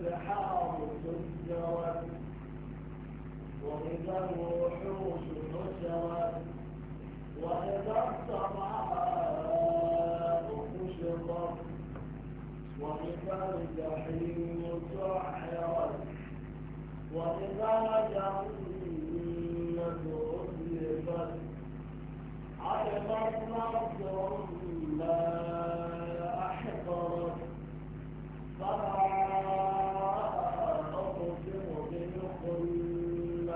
الأبحار سجرت وإذا الوحوش حشرت وإذا السماء كشطت وإذا الجحيم سعرت وإذا الجنة أزلفت علمت نفس ما أحضرت فما الخنس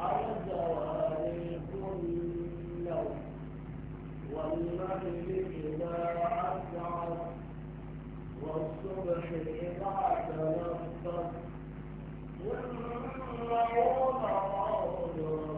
أو زوال الخنس والنهر إذا أسعد والصبح إذا تنفس والنهر مراود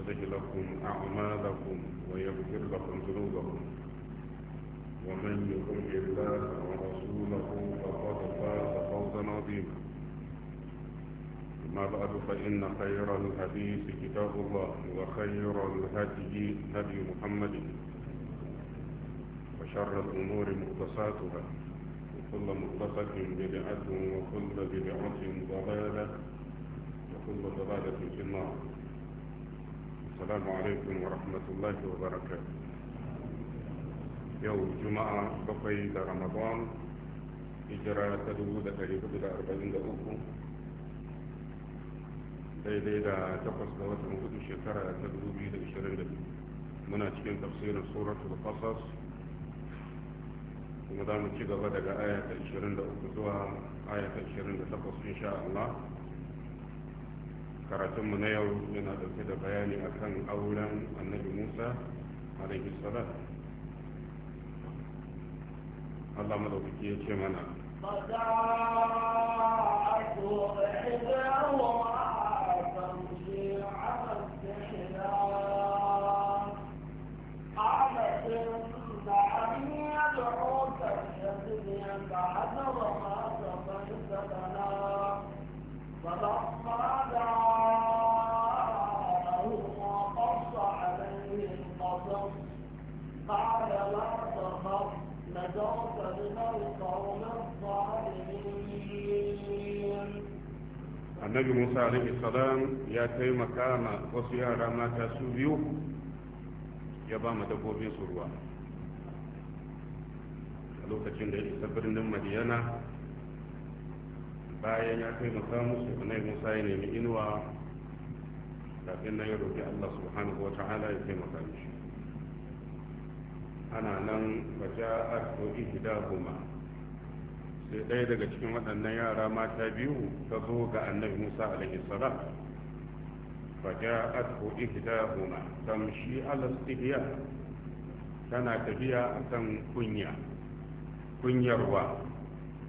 يصلح لكم أعمالكم ويغفر لكم ذنوبكم ومن يطع الله ورسوله فقد فاز فوزا عظيما أما بعد فإن خير الحديث كتاب الله وخير الهدي هدي محمد وشر الأمور مقتصاتها وكل مقتصة بدعة وكل بدعة ضلالة وكل ضلالة في النار السلام عليكم ورحمة الله وبركاته يوم جمعة بقي رمضان إجراء تدو دا تريد دا أربعين دا أوكو داي داي دا تقص دا وطن ودو شكرا تدو بي دا إشارين دا مناتكين تفسير صورة القصص ومدام تيغا بدا آية إشارين دا أوكو آية إشارين دا تقص إن شاء الله karatun mu na yau yana dauke da bayani akan auren annabi musa alaihi salam Allah madaukaki ya ce mana فحسب ما تطيب لنا فلما annabi musa alaihi salam ya taimaka ma wasu yara mata su biyu ya ba ma dabbobin su ruwa a lokacin da ya isa birnin madiyana bayan ya taimaka musu annabi musa ya nemi inuwa kafin nan ya roƙi allah subhanahu wa ta'ala ya taimaka mishi ana nan ba a arko gida goma sai ɗaya daga cikin waɗannan yara mata biyu ta zo ga annabi musa alaihi salam goma إحداهما shi على استحياء tana tafiya a kan kunya kunyarwa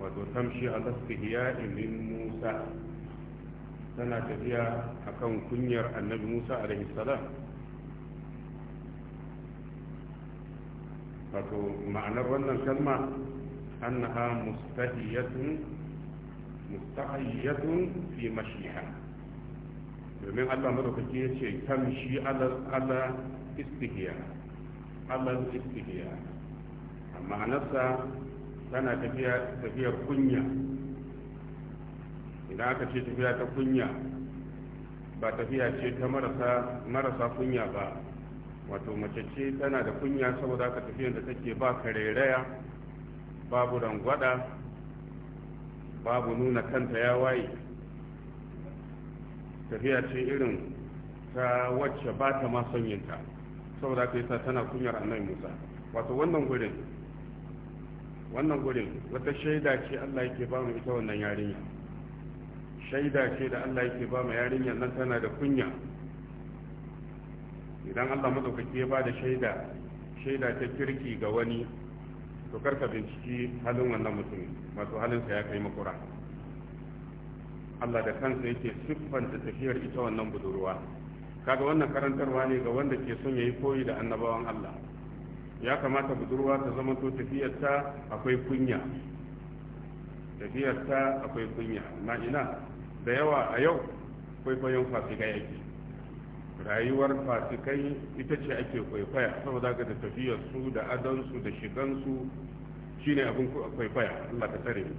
wato tamshi a tasfihiya ilin musa tana tafiya akan kunyar annabi musa alaihi salam wato ma'anar wannan kalma annaha mustahiyatun mustahiyatun fi mashiha domin Allah madaukaki ya ce tamshi alal ala istihiya alal istihiya amma anasa tana tafiya tafiyar kunya idan aka ce tafiya ta kunya ba tafiya ce ta marasa marasa kunya ba wato mace ce tana da kunya saboda aka tafiya da take ba karairaya babu rangwada babu nuna kanta ya waye tafiya ce irin ta wacce ba ta ma sanyinta saboda aka yi sa tana kunyar annabi musa wato wannan gurin wannan gurin wata shaida ce Allah yake ba mu ita wannan yarinya shaida ce da Allah yake ba mu yarinya nan tana da kunya idan Allah madaukaki ya ba da shaida shaida ta kirki ga wani to karka binciki halin wannan mutum masu halinsa ya kai makura Allah da kansa yake siffanta tafiyar ita wannan budurwa kaga wannan karantarwa ne ga wanda ke son yayi koyi da annabawan Allah ya kamata budurwa ta zama to tafiyarta akwai kunya tafiyarta akwai kunya amma ina da yawa a yau kwaikwayon fasika yake rayuwar fasikai ita ce ake kwaikwaya saboda ga da tafiyarsu da adansu da shigansu shine abin kwaikwaya Allah ta tare mu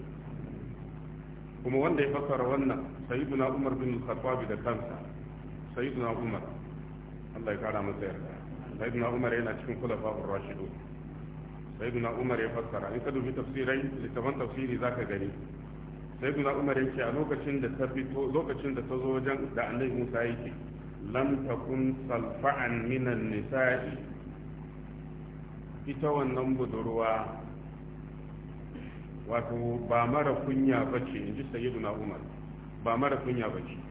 kuma wanda ya fassara wannan sayyiduna Umar bin Khattab da kansa sayyiduna Umar Allah ya kara masa yarda sayyidina umar yana cikin khulafa'ur rashidun sayyidina umar ya fassara in ka dubi tafsirai littafan tafsiri za ka gani sayyidina umar ya ce a lokacin da ta fito lokacin da ta zo wajen da annabi Musa yake lam takun salfa'an minan nisa'i ita wannan budurwa wato ba mara kunya bace inji sayyidina umar ba mara kunya bace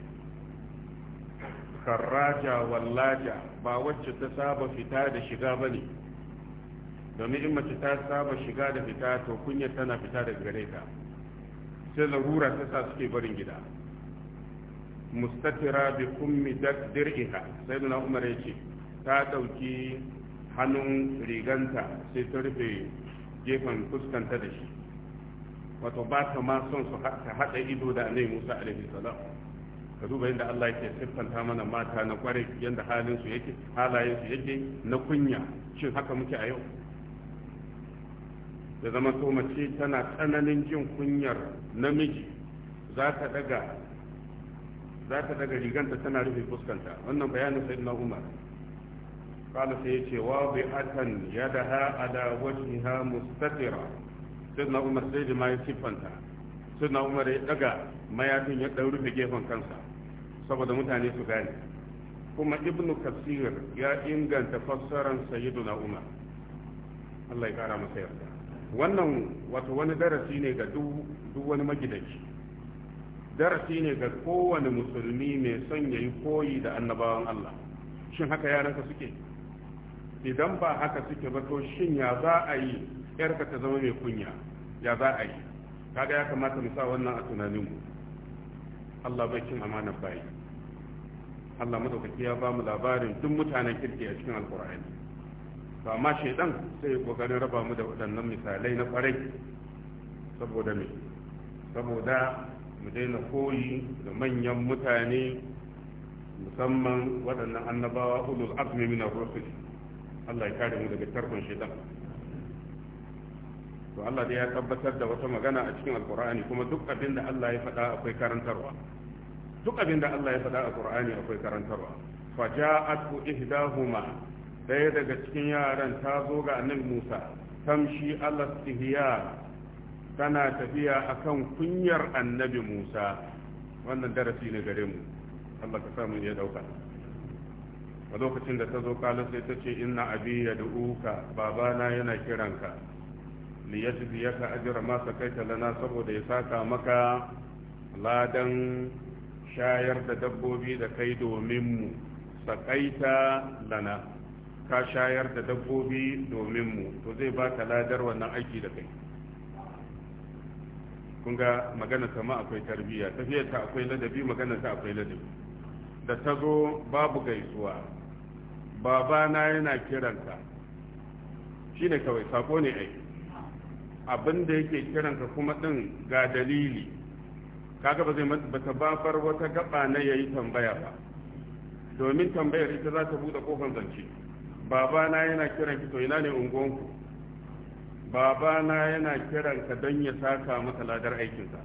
karraja wallaja ba wacce ta saba fita da shiga ba ne domin in mace ta saba shiga da fita to kunya tana fita da gare ta sai larura ta sa suke barin gida mustatira bi kummi dir'iha sai nuna umar ya ce ta ɗauki hannun riganta sai ta rufe gefen fuskanta da shi wato ba ta ma son su haɗa ido da annabi musa alaihi salam ka duba yadda Allah yake siffanta mana mata na kware yadda halin su yake halayen su yake na kunya shin haka muke a yau da zama so mace tana tsananin jin kunyar namiji za ta daga za ta daga riganta tana rufe fuskanta wannan bayanin na Umar wa قال سيتي واضعة يدها na Umar مستترة سيدنا عمر سيد ما na Umar ya يدقى mayafin ya يدور في gefen kansa. saboda mutane su gane kuma ibn kasir ya inganta fassaran sayyiduna umar Allah ya kara masa yarda wannan wato wani darasi ne ga duk wani magidanci darasi ne ga kowane musulmi mai son yayi koyi da annabawan Allah shin haka yaranka suke idan ba haka suke ba to shin ya za a yi yarka ta zama mai kunya ya za a yi kaga ya kamata mu sa wannan a tunaninmu Allah bai cin amanar bayi Allah madaukaki ya ba mu labarin duk mutanen kirki a cikin alkur'ani to amma shaidan sai kokarin raba mu da waɗannan misalai na kwarai saboda me saboda mu daina koyi da manyan mutane musamman waɗannan annabawa ulul azmi min ar-rusul Allah ya kare mu daga tarkon shaidan to Allah dai ya tabbatar da wata magana a cikin alkur'ani kuma duk abin da Allah ya faɗa akwai karantarwa duk abin da Allah ya faɗa a Qur'ani akwai karantarwa fa ku ihdahuma daya daga cikin yaran ta zo ga annabi Musa tamshi ala istihya tana tafiya akan kunyar annabi Musa wannan darasi ne gare mu Allah ka mu ya dauka a lokacin da ta zo kala sai ta ce inna abi ya da'uka babana yana kiranka li yajziyaka ajra ma sakaita lana saboda ya saka maka ladan shayar da dabbobi da kai domin mu sakaita lana ka shayar da dabbobi domin mu to zai ba ka ladar wannan aiki da kai kun ga magana sama akwai tarbiyya tafiyar ta akwai ladabi magana ta akwai ladabi da ta zo babu gaisuwa babana yana kiranka shi ne kawai sako ne ai abin da yake kiranka kuma ɗin ga dalili kaga ba zai bata babar wata gaba na yayi tambaya ba domin tambayar ita za ta bude kofar zance babana yana kiran ki to ina ne unguwanku babana yana kiran ka don ya saka maka ladar aikinsa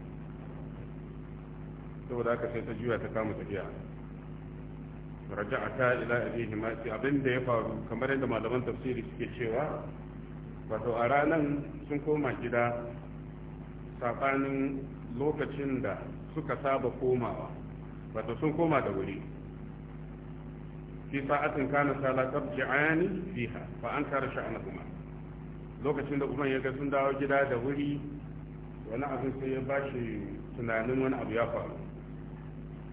saboda haka sai ta juya ta kama tafiya raja'ata ila ma sai abin da ya faru kamar yadda malaman tafsiri suke cewa wato a ranan sun koma gida sabanin lokacin da suka saba komawa wato sun koma da wuri fi sa'atin kana sala ji'ani fiha fa an kara kuma lokacin da umar ya ga sun dawo gida da wuri wani abin sai ya bashi tunanin wani abu ya faru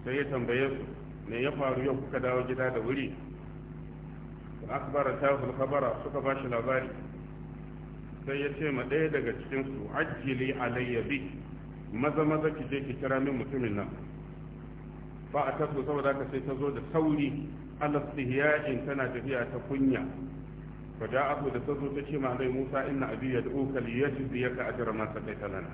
sai ya tambaye su me ya faru yau kuka dawo gida da wuri akbara ta khabara suka bashi labari sai ya ce ma ɗaya daga cikin su ajjili alayya bi maza maza ki je ki kira min mutumin nan Ba a taso saboda ka sai ta zo da sauri alastihiya'in tana tafiya ta kunya Ba da abu da zo ta ce mahalai musa inna abi yad'uka li yajziyaka ajra masa kai lana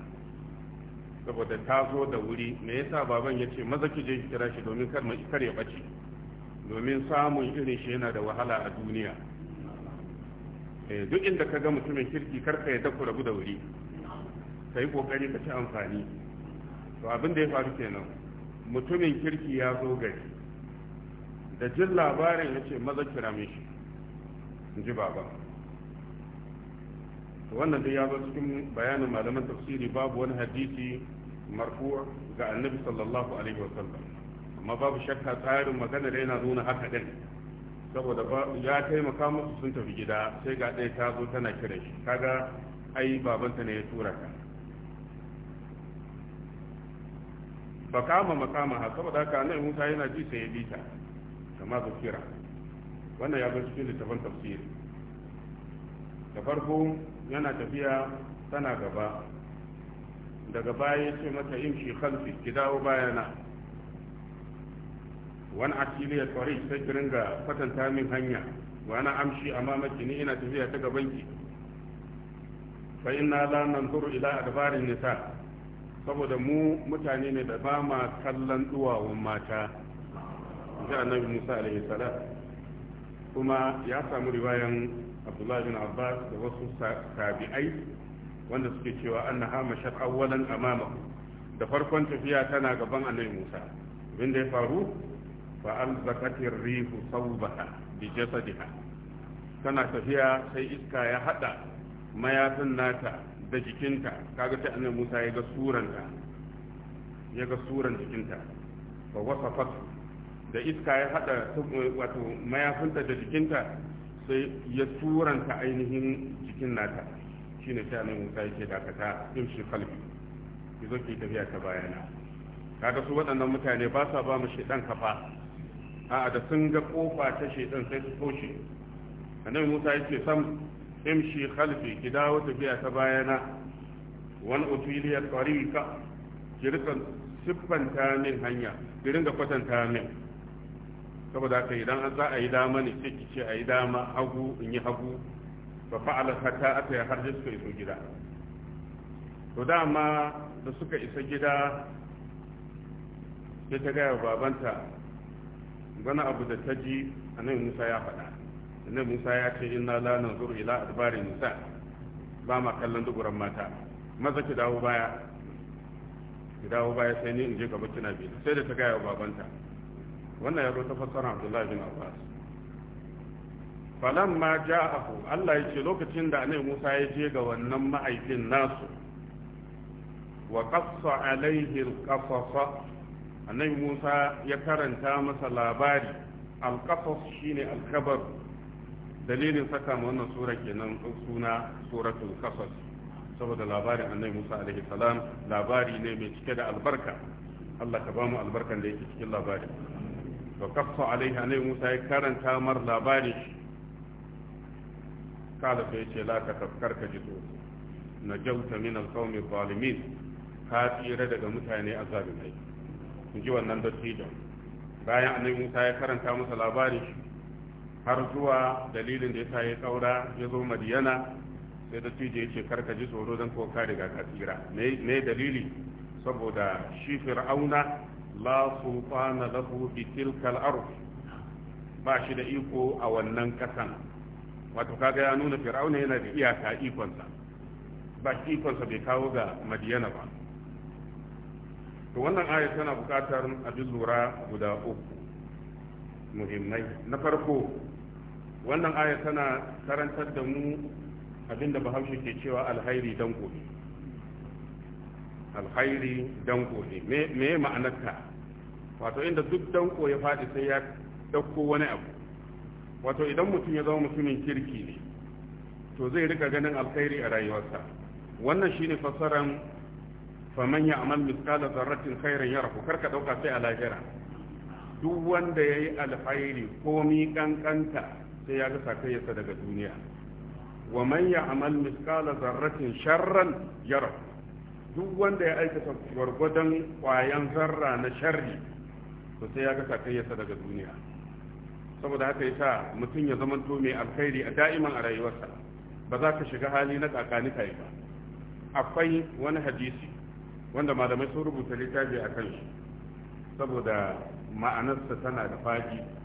saboda ta zo da wuri me yasa baban ya ce maza ki je ki kira shi domin kar ya bace domin samun irin shi yana da wahala a duniya eh, duk inda ka ga mutumin kirki karka ya dakura rabu da wuri ka yi ƙoƙari ka ci amfani to abin da ya faru kenan mutumin kirki ya zo gari da jin labarin ya ce maza kira shi in ji baba to wannan dai ya zo cikin bayanin malaman tafsiri babu wani hadisi marfu ga annabi sallallahu alaihi wasallam amma babu shakka tsarin maganar yana nuna haka din saboda ya taimaka musu sun tafi gida sai ga ɗaya ta zo tana kiran shi kaga ai babanta ne ya tura ka bakama kama makama ha saboda haka annabi Musa yana ji sai ya bi ta kama zakira wannan ya zo cikin littafin tafsiri da farko yana tafiya tana gaba daga baya ce mata yin shi khalfi ki dawo bayana wani asili ya tsari sai ki ringa kwatanta min hanya wani amshi a mamaki ni ina tafiya ta gaban ki fa inna la nanzuru ila adbarin nisa saboda mu mutane ne da ba ma kallon duwawun mata ji annabi musa alaihi salam kuma ya samu riwayan abdullahi bin abbas da wasu tabi'ai wanda suke cewa annaha mashar awwalan amama da farkon tafiya tana gaban annabi musa binda da ya faru fa alzaqatir rihu sawbaha bi jasadiha tana tafiya sai iska ya hada mayafin nata da jikinta kaga sai annabi Musa ya ga suranta ya ga suran jikinta wa wasafat da iska ya hada wato mayafinta da jikinta sai ya suranta ainihin jikin nata shine sai annabi Musa yake dakata imshi qalbi ki zo ki tafiya ta bayana kaga su waɗannan mutane ba sa ba mu shedan kafa a'a da sun ga kofa ta shedan sai su toshe annabi Musa yake sam imshi khalfi ki dawo tafiya ta bayana wani utiliya tariqa ki rika siffanta min hanya ki ringa kwatanta min saboda haka idan an za a yi dama ne sai ki ce a yi dama hagu in yi hagu ba fa'ala hatta aka ya har suka iso gida to dama da suka isa gida sai ta gaya babanta wani abu da ta ji a nan musa ya faɗa annabi Musa ya ce inna la nanzuru ila adbarin nisa ba ma kallon duguran mata maza ki dawo baya ki dawo baya sai ni in je gaba kina bi sai da ta gaya wa babanta wannan ya rota ta fassara Abdullahi bin Abbas falamma ja'ahu Allah ya ce lokacin da annabi Musa ya je ga wannan ma'aikin nasu wa qassa alaihi al annabi Musa ya karanta masa labari al shine al dalilin saka ma wannan sura kenan suna suratul qasas saboda labarin annabi Musa alaihi salam labari ne mai cike da albarka Allah ka ba mu albarkan da yake cikin labari to kaffa alaihi annabi Musa ya karanta mar labari kala sai ce la ka tafkar ka jito najauta min alqawmi zalimin ka tsira daga mutane azalimai in ji wannan dattijo bayan annabi Musa ya karanta masa labari har zuwa dalilin da ya ya kaura ya zo madiyana sai da tije yace karka ji tsoro dan ko ka riga ka me dalili saboda shi fir'auna la sultana lahu bi tilkal ard ba shi da iko a wannan kasan wato kaga ya nuna fir'auna yana da iyaka ikonsa ba shi ikonsa bai kawo ga madiyana ba to wannan aya tana bukatar abin lura guda uku muhimmai na farko wannan aya tana karantar da mu abinda bahaushe ke cewa alhairi dan gobe alhairi dan gobe me ma'anarta wato inda duk danko ya faɗi sai ya ɗauko wani abu wato idan mutum ya zama mutumin kirki ne to zai rika ganin alkhairi a rayuwarsa wannan shine fassaran faman ya amal miskala zarratin khairan yarahu karka ɗauka sai a lahira duk wanda yayi yi alkhairi komi ƙanƙanta sai ya ga sakayyarsa daga duniya wa man ya'mal mithqala zarratin sharran yara duk wanda ya aikata gwargwadon kwayan zarra na sharri to sai ya ga sakayyarsa daga duniya saboda haka yasa mutum ya zamanto mai alkhairi a da'iman a rayuwarsa ba za ka shiga hali na kakani kai ba akwai wani hadisi wanda malamai sun rubuta littafi a kan shi saboda ma'anarsa tana da faɗi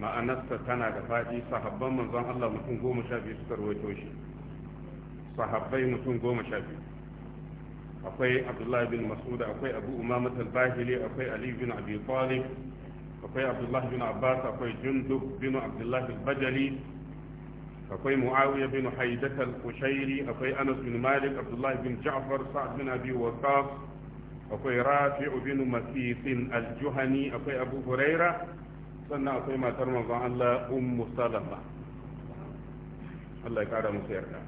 ma'anarsa tana da faɗi sahabban manzon Allah mutum goma sha biyu suka rawaito shi sahabbai mutum goma sha biyu akwai abdullahi bin mas'ud akwai abu umama al-bahili akwai ali bin abi talib akwai abdullahi bin abbas akwai jundub bin abdullahi al-bajali akwai muawiya bin haidat al-qushairi akwai anas bin malik abdullahi bin ja'far sa'd bin abi waqas akwai rafi'u bin masifin al-juhani akwai abu huraira sannan akwai matar manzon Allah ummu salama Allah ya kara musu yarda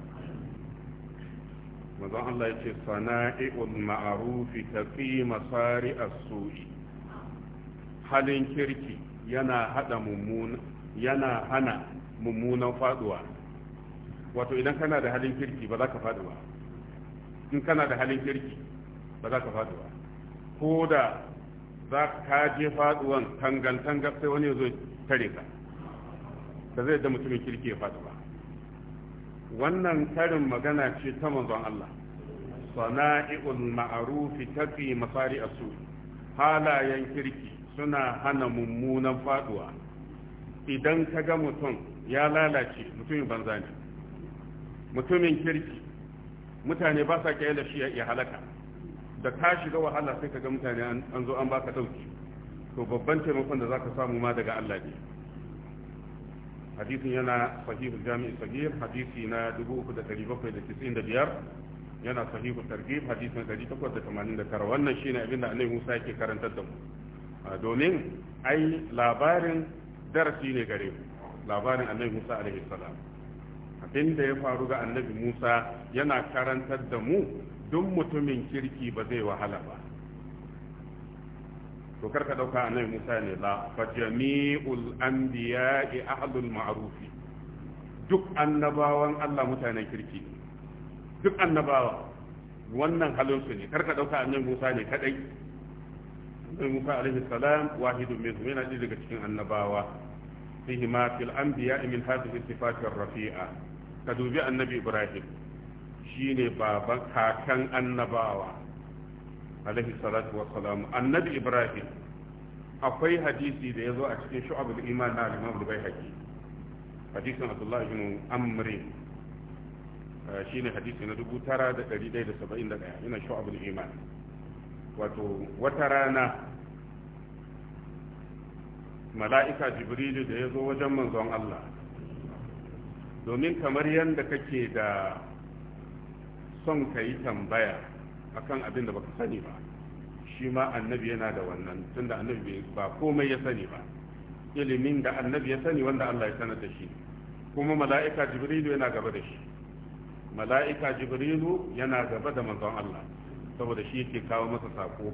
manzon Allah ya ce sana'i'ul ma'arufi taqi masari as-su'i halin kirki yana hada mummuna yana hana mummunan faduwa wato idan kana da halin kirki ba za ka faduwa in kana da halin kirki ba za ka faduwa ko da za ka je faduwan tangantangar sai wani ya zo tare ka Ba zai da mutumin kirki ya faɗi ba wannan karin magana ce ta manzon Allah sana'i'ul ma'arufi tafi masari asu halayen kirki suna hana mummunan faduwa idan ka ga mutum ya lalace mutumin banza ne mutumin kirki mutane ba sa kyale shi ya halaka da ka shiga wahala sai ka ga mutane an zo an baka dauki to babban taimakon da zaka samu ma daga Allah ne hadisin yana sahihu jami'i sahih hadisi na 3795 yana sahihu targhib hadisi na tara wannan shine abin da Annabi Musa yake karantar da mu domin ai labarin darasi ne gare mu labarin Annabi Musa alaihi salam abin da ya faru ga Annabi Musa yana karantar da mu duk mutumin kirki ba zai wahala ba to karka dauka annabi Musa ne la fa jami'ul anbiya'i ahlul ma'ruf duk annabawan Allah mutanen kirki ne duk annabawa wannan halin su ne karka dauka annabi Musa ne kadai annabi Musa alaihi salam wahidun minhum yana daga cikin annabawa fihi ma fil anbiya'i min hadhihi sifatir rafi'a ka dubi annabi Ibrahim shine baban kakan annabawa alaihi salatu wa salam annabi ibrahim akwai hadisi da yazo a cikin shu'abul iman na imam al-baihaqi hadisin abdullah ibn amr eh, shine hadisi na 9171 ina shu'abul iman wato wata rana mala'ika jibrilu da ya zo wajen manzon Allah domin kamar yadda kake da son ka yi tambaya kan abin da baka sani ba shi ma annabi yana da wannan tunda annabi ba komai ya sani ba ilimin da annabi ya sani wanda Allah ya sanar da shi kuma mala'ika jibrilu yana gaba da shi mala'ika jibrilu yana gaba da manzon Allah saboda shi yake kawo masa sako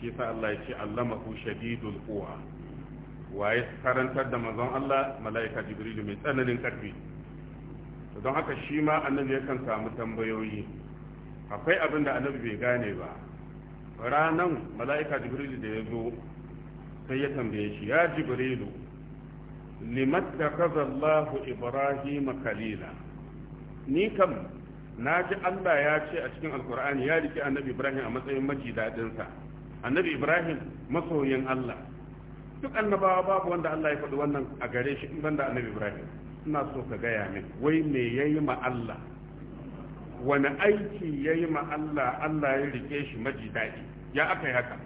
shi sa Allah ya ce allamahu shadidul quwa waye karantar da manzon Allah mala'ika jibrilu mai tsananin karfi don haka shi ma annabi yakan samu tambayoyi akwai abin da annabi bai gane ba ranan mala'ika Jibril da ya zo sai ya tambaye shi ya jibrilu limatta da Allahu ibrahim kalila ni kam na ji allah ya ce a cikin alkur'ani ya rike annabi ibrahim a matsayin maji daɗinsa annabi ibrahim masoyin allah duk annabawa babu wanda allah ya faɗi wannan a gare shi in banda annabi ibrahim ina so ka gaya min wai me yayi ma Allah wani aiki yayi ma Allah Allah ya rike shi maji daɗi ya aka yi haka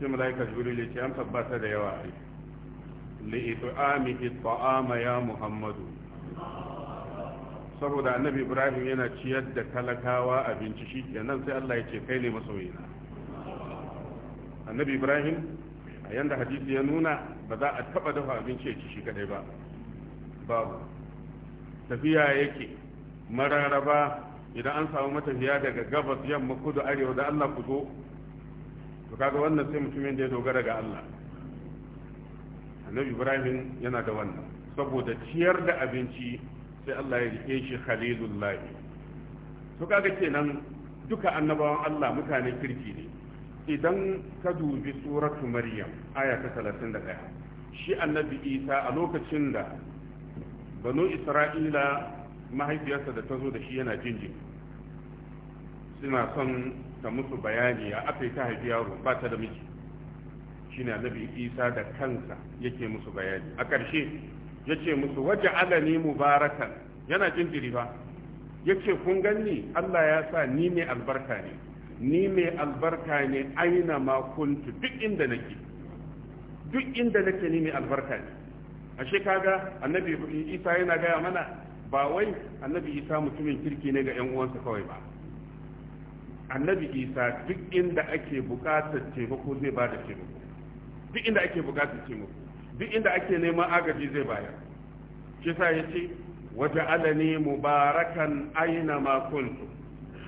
sai mala'ika jibril ya ce an tabbata da yawa ai li it'amihi ta'ama ya muhammadu saboda annabi ibrahim yana ciyar da talakawa abinci shi kenan sai Allah ya ce kai ne masoyina annabi ibrahim a yanda hadisi ya nuna ba za a taba dafa abinci ya ci shi kadai ba babu tafiya yake mararaba idan an samu matafiya daga gabas yamma kudu arewa da Allah ku zo to kaga wannan sai mutumin da ya dogara ga Allah annabi Ibrahim yana da wannan saboda ciyar da abinci sai Allah ya rike shi khalilullah to kaga kenan duka annabawan Allah mutane kirki ne idan ka dubi suratu maryam aya ta 31 shi annabi Isa a lokacin da banu isra'ila mahaifiyarsa da ta zo da shi yana jinjin suna son ta musu bayani a afirka haifi yaro ba ta da miji ne annabi isa da kansa yake musu bayani a ƙarshe ya ce musu waje alani mubarakan yana jinjiri ba ya ce kun ganni allah ya sa ni mai albarka ne ni mai albarka ne aina ma kuntu duk inda nake duk inda nake ni mai albarka ne ashe kaga annabi isa yana gaya mana ba wai annabi isa mutumin kirki ne ga yan uwansa kawai ba annabi isa duk inda ake bukatar taimako zai ba da taimako duk inda ake bukatar taimako duk inda ake neman agaji zai bayar shi sa ya ce waje alani mubarakan aina ma kuntu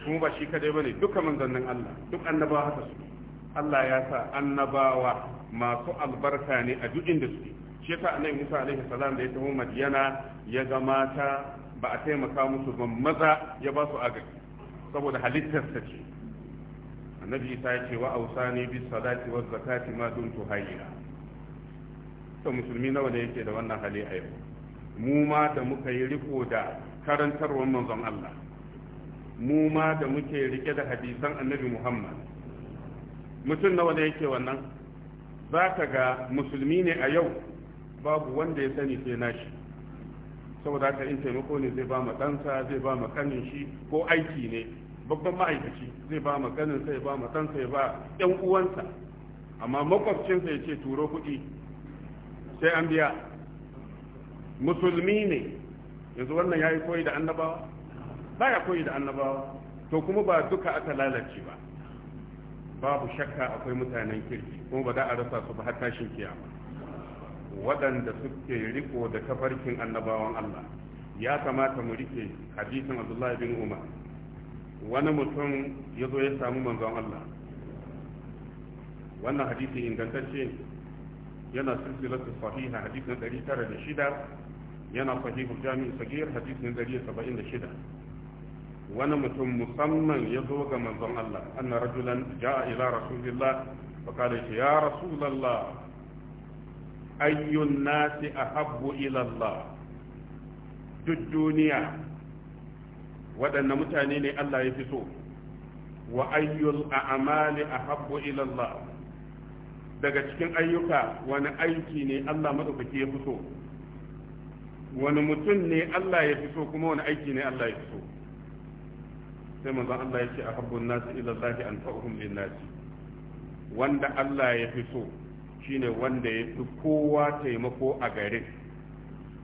kuma ba shi kadai bane duka manzannin Allah duk annabawa haka su Allah ya sa annabawa masu albarka ne a duk inda suke shi yasa nan Isa alaihi salam da ya tafi Madiyana ya ga mata ba a taimaka musu ba maza ya ba su agaji saboda halittarsa ce annabi Isa ya ce wa ausani bi salati wa zakati ma dumtu hayya to musulmi nawa ne yake da wannan hali a yau mu ma da muka yi riko da karantarwar manzon Allah mu ma da muke rike da hadisan annabi Muhammad mutum nawa ne yake wannan za ka ga musulmi ne a yau babu wanda ya sani sai na nashi saboda haka in taimako ne zai ba ɗansa zai ba ma kanin shi ko aiki ne babban ma'aikaci zai ba ma kaninsa ba ma ɗansa ya ba ɗan uwansa amma makwabcinsa ya ce turo kuɗi sai an biya musulmi ne yanzu wannan ya yi koyi da annabawa ba ya koyi da annabawa to kuma ba duka aka lalace ba babu shakka akwai mutanen kirki kuma ba za a rasa su ba har tashin kiyama waɗanda suke riko da tafarkin annabawan Allah ya kamata mu rike hadisin Abdullah bin Umar wani mutum ya zo ya samu manzon Allah wannan hadisi ingantacce yana silsilatu sahiha hadisin 906 yana sahihu jami'u sagir hadisin 176 wani mutum musamman ya zo ga manzon Allah anna rajulan ja'a ila rasulillah fa qala ya rasulullah ayyun nasi ahabbu ila Allah duk duniya waɗanne mutane ne Allah ya fi so wa ayyul a'mali ahabbu ila Allah daga cikin ayyuka wani aiki ne Allah madaukaki ya fi so wani mutum ne Allah ya fi so kuma wani aiki ne Allah ya fi so sai manzon Allah ya ce ahabbu nasi ila Allah an ta'uhum lin nasi wanda Allah ya fi so shine wanda ya fi kowa taimako a garin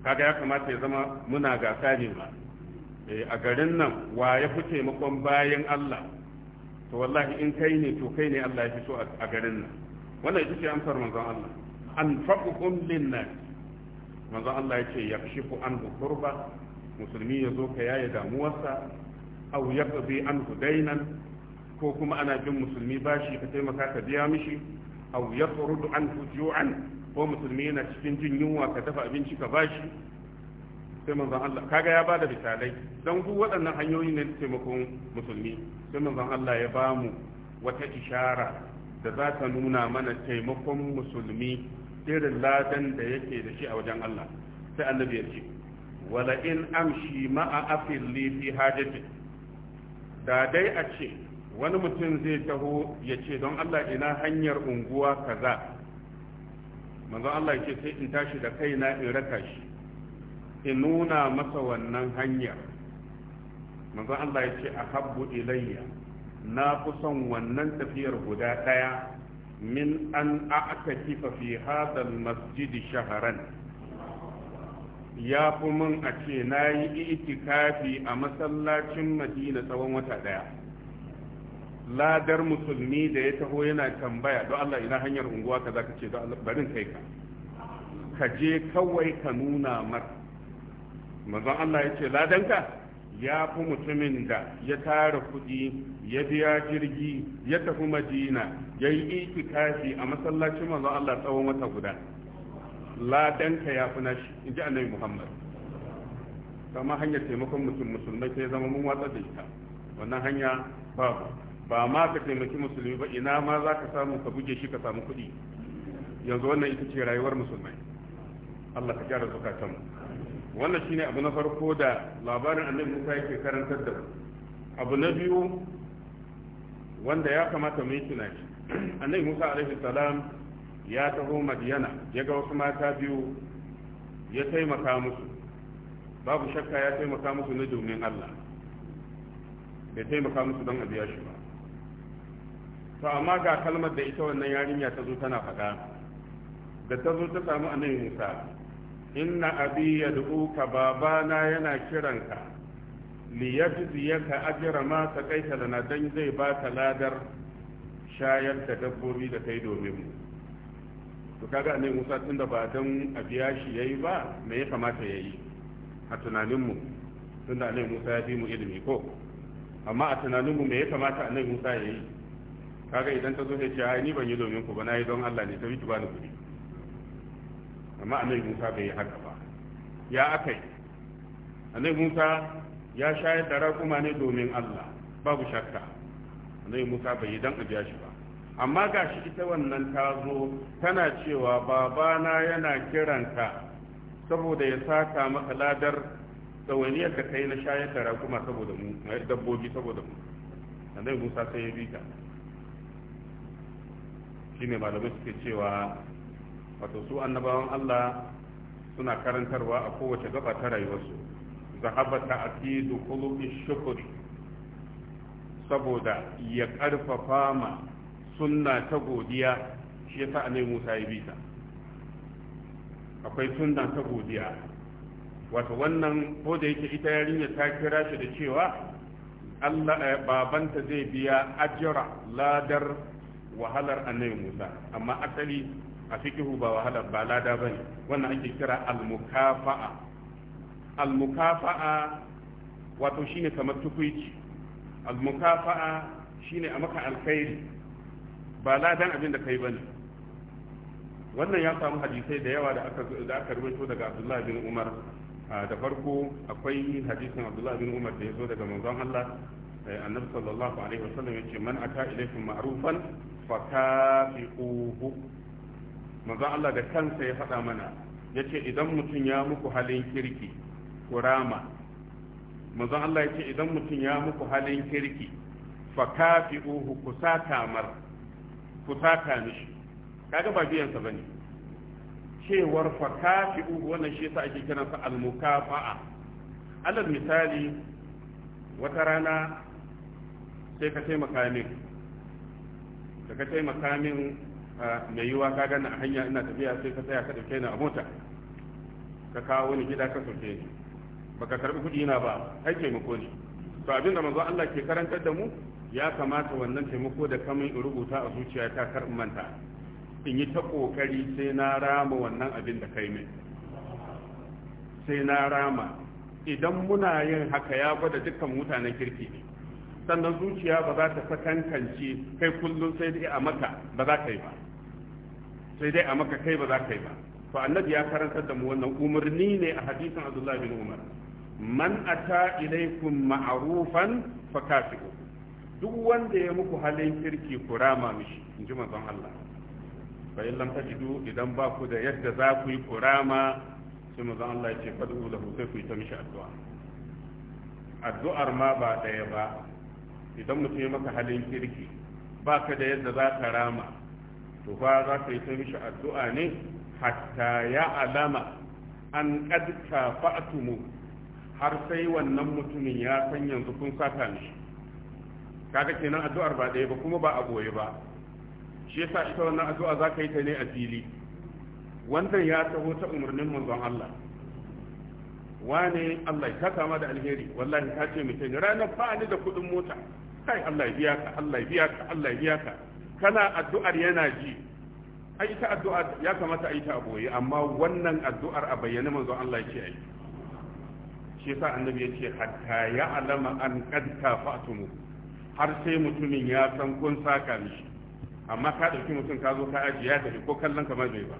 kaga ya kamata ya zama muna gasa ne ma eh, a garin nan wa ya fi taimakon bayan Allah to wallahi in kai ne to kai ne Allah ya fi so a garin nan wannan ita ce amsar manzon Allah an faqukum linnas manzon Allah ya ce yakshifu an kurba musulmi ya zo ka yaya damuwarsa aw yaqdi an hudainan ko kuma ana bin musulmi bashi ka taimaka ka biya mishi aw yasrudu anhu ju'an ko musulmi yana cikin jin ka dafa abinci ka bashi sai manzon Allah kaga ya bada misalai dan duk waɗannan hanyoyi ne taimakon musulmi sai manzon Allah ya bamu wata ishara da za ta nuna mana taimakon musulmi irin ladan da yake da shi a wajen Allah sai annabi ya ce wala in amshi ma'a afilli fi hajati da dai a ce wani mutum zai taho ya ce don Allah ina hanyar unguwa kaza manzon Allah ya ce sai in tashi da kaina in raka shi in nuna masa wannan hanyar manzon Allah ya ce a habbu ilayya na fi son wannan tafiyar guda ɗaya min an a'takifa fi hadal masjidi shaharan ya fi min a ce na yi itikafi a masallacin madina tsawon wata ɗaya ladar musulmi da ya taho yana tambaya don Allah ina hanyar unguwa ka ka ce barin kai ka ka je kawai ka nuna mar mazan Allah ya ce ladanka ya fi mutumin da ya tara kuɗi ya biya jirgi ya tafi madina ya yi itikafi a masallacin mazan Allah tsawon wata guda ladanka ya fi nashi in ji annabi muhammad kama hanyar taimakon mutum musulmai sai zama mun watsa da ita wannan hanya babu ba ma ka taimaki musulmi ba ina ma za ka samu ka buge shi ka samu kuɗi yanzu wannan ita ce rayuwar musulmai Allah ka gyara zukatanmu wannan shi ne abu na farko da labarin annabi Musa yake karantar da mu abu na biyu wanda ya kamata mu yi tunani annabi Musa alaihi salam ya taho Madiyana ya ga wasu mata biyu ya taimaka musu babu shakka ya taimaka musu na domin Allah bai taimaka musu don a biya shi ba to amma ga kalmar da ita wannan yarinya ta zo tana faɗa da ta zo ta samu annabi Musa inna abi yad'uka babana yana kiranka li yajziyaka ajra ma taqaita lana dan zai ka ladar shayar da dabbobi da kai domin mu to kaga annabi Musa tunda ba dan abiya shi yayi ba me ya kamata yayi a tunanin mu tunda annabi Musa ya bi mu ilimi ko amma a tunanin mu me ya kamata annabi Musa yayi kaga idan ta zo ya ce ai ni ban yi domin ku ba na yi don Allah ne ta ki bani kuɗi amma annabi Musa bai yi haka ba ya akai annabi Musa ya shayar da raƙuma ne domin Allah babu shakka annabi Musa bai yi dan a biya shi ba amma ga shi ita wannan ta zo tana cewa babana yana ka saboda ya saka maka ladar tsawaniyar da kai na shayar da raƙuma saboda mu dabbobi saboda mu annabi musa sai ya bi ka shine malamai suke cewa wato su annabawan Allah suna karantarwa a kowace gaba ta rayuwarsu zahabata aqidu khuluqi shukri saboda ya karfafa ma sunna ta godiya shi yasa annabi Musa ya bita akwai sunna ta godiya wato wannan ko da yake ita yarinya ta kira shi da cewa Allah eh, babanta zai biya ajra ladar wahalar annabi Musa amma asali a fikihu ba wahalar ba lada bane wannan ake kira al-mukafa'a al-mukafa'a wato shine kamar tukuici al-mukafa'a shine a maka alkhairi ba ladan abin da kai bane wannan ya samu hadisai da yawa da aka da aka rubuto daga Abdullah bin Umar da farko akwai hadisin Abdullah bin Umar da ya zo daga manzon Allah eh, annabi sallallahu alaihi wasallam yace man aka ilaykum ma'rufan fakafiquhu manzo Allah da kansa ya faɗa mana yace idan mutum ya muku halin kirki kurama manzo Allah yace idan mutum ya muku halin kirki fakafiquhu kusata mar kusata mishi kaga ba biyan sa bane cewar fakafiquhu wannan shi yasa ake kiran sa almukafa'a alal misali wata rana sai ka taimaka min da ka taimaka min mai yiwa ka gana a hanya ina tafiya sai ka tsaya ka dauke ni a mota ka kawo ni gida ka sauke ni baka karbi kuɗi na ba kai taimako ne to abinda manzo Allah ke karantar da mu ya kamata wannan taimako da kamun in rubuta a zuciya ta kar in manta in yi ta kokari sai na rama wannan abin da kai mai sai na rama idan muna yin haka ya gwada dukkan mutanen kirki ne sannan zuciya ba za ta sakankance kai kullum sai dai a maka ba za ka yi ba sai dai a maka kai ba za ka yi ba to annabi ya karantar da mu wannan umarni ne a hadisin abdullahi bin umar man ata ilaikum ma'rufan fakasiku duk wanda ya muku halin kirki ku rama mishi in ji manzon Allah fa in lam tajidu idan ba ku da yadda za ku yi kurama sai manzon Allah ya ce fad'u lahu sai ku yi ta mishi addu'a addu'ar ma ba ɗaya ba idan mutum ya maka halin kirki ba ka da yadda za ka rama to fa za ka yi ta mishi addu'a ne hatta ya alama an qad fa'atumu har sai wannan mutumin ya san yanzu kun saka mishi kaga kenan addu'ar ba ɗaya ba kuma ba a goye ba shi yasa ita wannan addu'a za ka yi ta ne a fili wannan ya taho ta umarnin manzon Allah wane Allah ya kama da alheri wallahi ka ce mu kai ranar ba ni da kuɗin mota kai Allah ya biya ka Allah ya biya ka Allah ya biya ka kana addu'ar yana ji ai ta addu'a ya kamata a yi ta aboye amma wannan addu'ar a bayyane manzo Allah ya ce ai shi yasa annabi ya ce hatta ya alama an qad kafatumu har sai mutumin ya san kun saka mishi amma ka dauki mutum ka zo ka ajiya da ko kallon kamar bai ba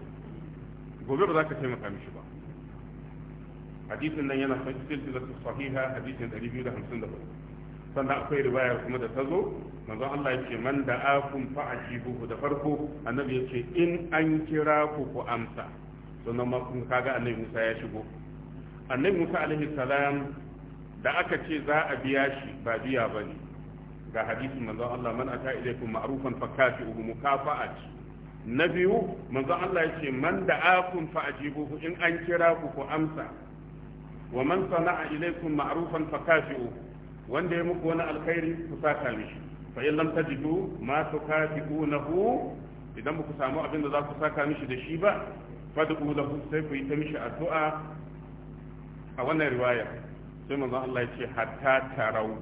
gobe ba za ka taimaka mishi ba hadisin nan yana da silsila sahiha hadisin 254 sannan akwai riwaya kuma da tazo manzon Allah yake man da akum fa ajibuhu da farko annabi yake in an kira ku ku amsa sannan ma kun kaga annabi Musa ya shigo annabi Musa alaihi salam da aka ce za a biya shi ba biya bane ga hadisin manzon Allah man ata ilaykum ma'rufan fakafi'uhu mukafa'ati na biyu manzon Allah ya ce man da akum fa ajibuhu in an kira ku ku amsa wa man a ilaykum ma'rufan fakafi'u wanda ya muku wani alkhairi ku saka mishi fa in lam tajidu ma tukafi'unahu idan ku samu abin da za ku saka mishi da shi ba fad'u lahu sai ku yi ta mishi addu'a a wannan riwaya sai manzon Allah ya ce hatta tarau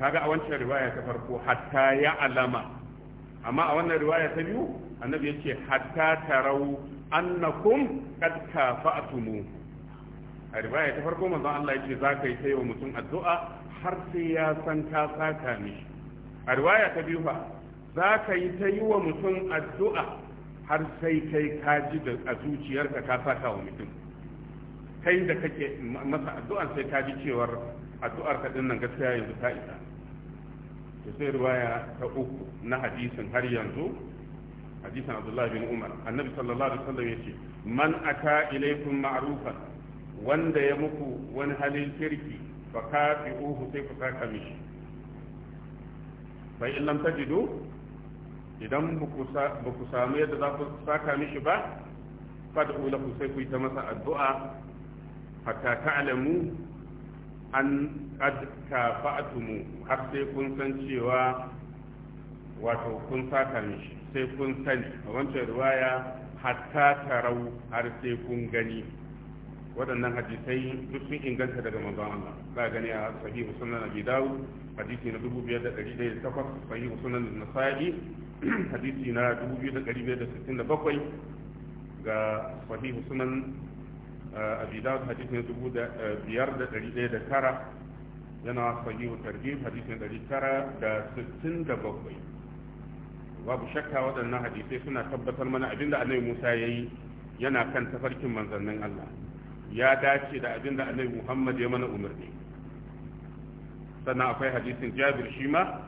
kaga a wancan riwaya ta farko hatta ya alama amma a wannan riwaya ta biyu annabi ya ce hatta tarau annakum a riwaya ta farko manzon Allah ya ce za ka yi ta wa mutum addu'a har sai ya san ka saka mishi a riwaya ta biyu fa za ka yi ta yi wa mutum addu'a har sai kai ka ji da a zuciyarka ka saka wa mutum kai da kake masa addu'ar sai ka ji cewar addu'ar ka dinnan gaskiya yanzu ta isa to sai riwaya ta uku na hadisin har yanzu hadisin Abdullahi bin Umar annabi sallallahu alaihi wasallam yace man aka ilaykum ma'rufan wanda ya muku wani halin kirki fa kafi'uhu sai ku saka mishi bai in lam tajidu idan ba ku samu yadda za ku saka mishi ba fad'u lahu sai ku yi ta masa addu'a hatta ta'lamu an qad kafa'tumu har sai kun san cewa wato kun saka mishi sai kun sani a wancan riwaya hatta tarau har sai kun gani waɗannan hadisai duk sun inganta daga manzon Allah za gani a sahihu sunan abi dawud hadisi na 2108 sahihu sunan nasa'i hadisi na 2567 ga sahihu sunan eh, abi dawud hadisi na 5109 eh, yana sahihu tarjib hadisi na 967 babu shakka waɗannan hadisai suna tabbatar mana abinda annabi Musa yayi yana kan tafarkin manzannin Allah ya dace da abin da annabi muhammad ya mana umarni sannan akwai hadisin jabir shi ma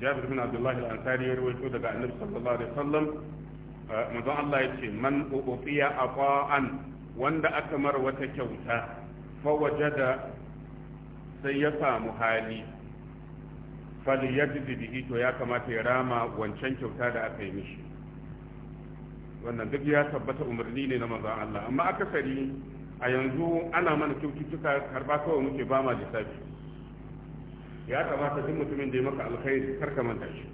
jabir bin abdullahi al-ansari ya rawaito daga annabi sallallahu alaihi wasallam uh, manzon Allah ya ce man ubiya aqan wanda aka mar wata kyauta fa wajada sai ya samu hali falyajdi bihi to ya kamata ya rama wancan kyauta da aka yi mishi wannan duk ya tabbata umarni ne na manzon Allah amma akasari a yanzu ana mana kyaututtuka karba kawai muke ba ma lissafi ya kamata duk mutumin da ya maka alkhairi kar ka manta shi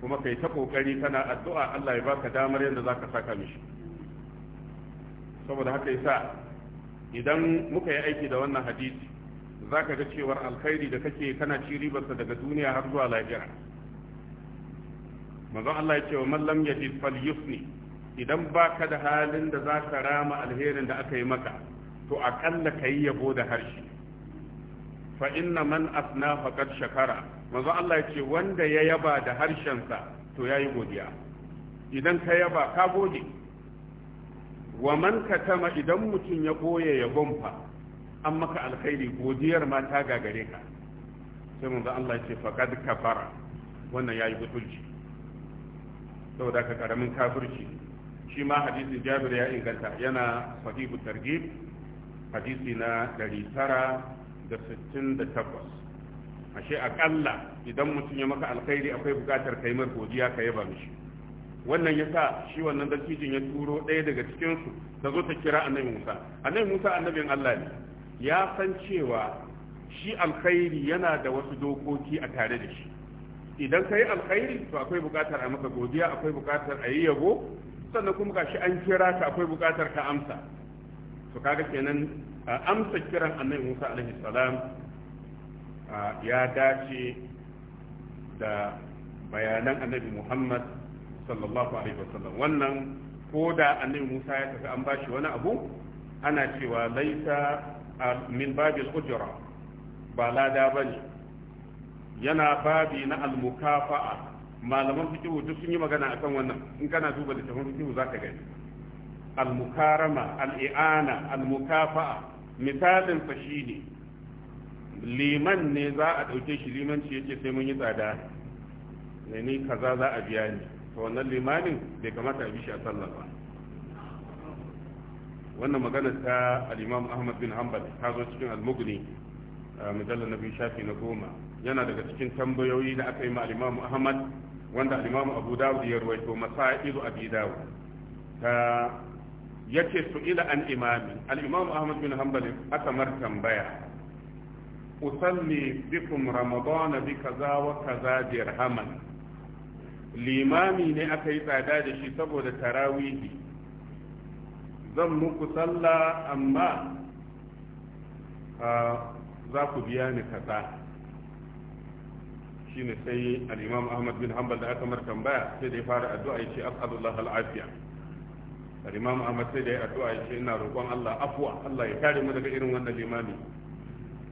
kuma kai ta kokari kana addu'a Allah ya baka damar yadda zaka saka mishi saboda haka yasa idan muka yi aiki da wannan hadisi zaka ga cewar alkhairi da kake kana ci ribarsa daga duniya har zuwa lahira manzon Allah ya ce wa man lam yajid falyusni idan ba ka da halin da za ka rama alherin da aka yi maka to aƙalla ka yi yabo da harshe fa inna man asna faqad shakara manzo Allah ya ce wanda ya yaba da harshensa to ya yi godiya idan ka yaba ka goge. wa man ka tama idan mutum ya goye ya gonfa, an maka alkhairi godiyar ma ta gagare ka sai manzo Allah ya ce faqad kafara wannan yayi butulci saboda ka karamin kafirci shi ma hadisin jabir ya inganta yana sahihu targhib hadisi na 968 ashe akalla idan mutum ya maka alkhairi akwai bukatar kai mar godiya ka yaba mishi wannan ya sa shi wannan dattijin ya turo ɗaya daga cikinsu ta zo ta kira annabi musa annabi musa annabin allah ne ya san cewa shi alkhairi yana da wasu dokoki a tare da shi idan ka yi alkhairi to akwai buƙatar a maka godiya akwai buƙatar a yi yabo sannan kuma gashi an kira ka akwai buƙatar ka amsa to kaga kenan amsa kiran annabi Musa alaihi salam ya dace da bayanan annabi Muhammad sallallahu alaihi wasallam wannan ko da annabi Musa ya tafi an bashi wani abu ana cewa laisa min babil ujra ba lada bane yana babi na al-mukafa'a malaman fikihu duk sun yi magana akan wannan in kana duba littafin fikihu zaka gani al-mukarama al-i'ana al-mukafa'a misalin fashi ne liman ne za a ɗauke shi limanci yake sai mun yi tsada ne ni kaza za a biya ni to wannan limanin bai kamata a bi shi a sallah ba wannan magana ta al-imam ahmad bin hanbal ta zo cikin al-mughni mujallal na shafi na goma yana daga cikin tambayoyi da aka yi ma al-imam ahmad wanda al abu dawud ya rawaito masailu abi dawud ta yace su ila an imami al-imam ahmad bin hanbal aka mar tambaya usalli bikum ramadana bi kaza wa kaza dirhaman limami ne aka yi tsada da shi saboda tarawihi zan muku sallah amma ah, za ku biya ni kaza shine sai al-imam ahmad bin hanbal da aka mar tambaya sai da ya fara addu'a ya ce as'alullah al-afiya al-imam ahmad sai da ya addu'a ya ce ina roƙon Allah afwa Allah ya kare mu daga irin wannan limami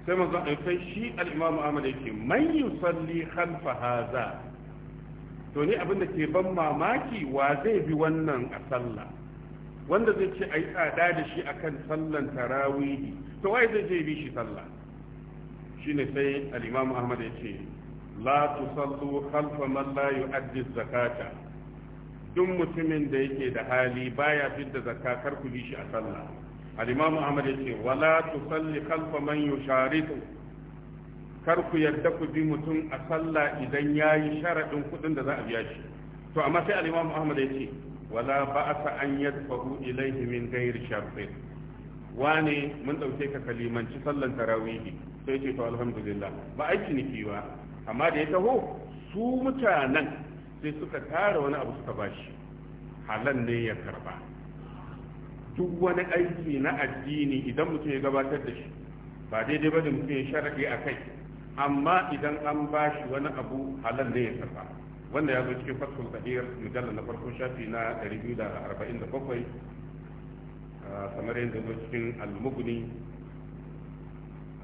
sai manzo sai shi al-imam ahmad yake man yusalli khalfa hadha to ni abin da ke ban mamaki wa zai bi wannan a sallah wanda zai ce ayi tsada da shi akan sallan tarawihi to wai zai je bi shi sallah shine sai al-imam ahmad ya ce la tusallu khalfa man la yu'addi zakata duk mutumin da yake da hali baya da zakka kar ku bi shi a sallah al-imam Ahmad yace wala tusalli khalfa man yusharitu kar ku yadda ku bi mutum a sallah idan yayi sharadin kudin da za a biya shi to amma sai al-imam Ahmad yace wala ba'asa an yadfahu ilayhi min ghairi shartin wane mun dauke ka kalimanci sallan tarawihi sai ce to alhamdulillah ba aiki niki ba amma da ya taho su mutanen sai suka tara wani abu suka bashi halan ne ya karba duk wani aiki na addini idan mutum ya gabatar da shi ba daidai ba da mutum ya sharaɗe a kai amma idan an bashi wani abu halal ne ya karba wanda ya zo cikin fasul kadir mujalla na farko shafi na 247 kamar yadda zo cikin al-mughni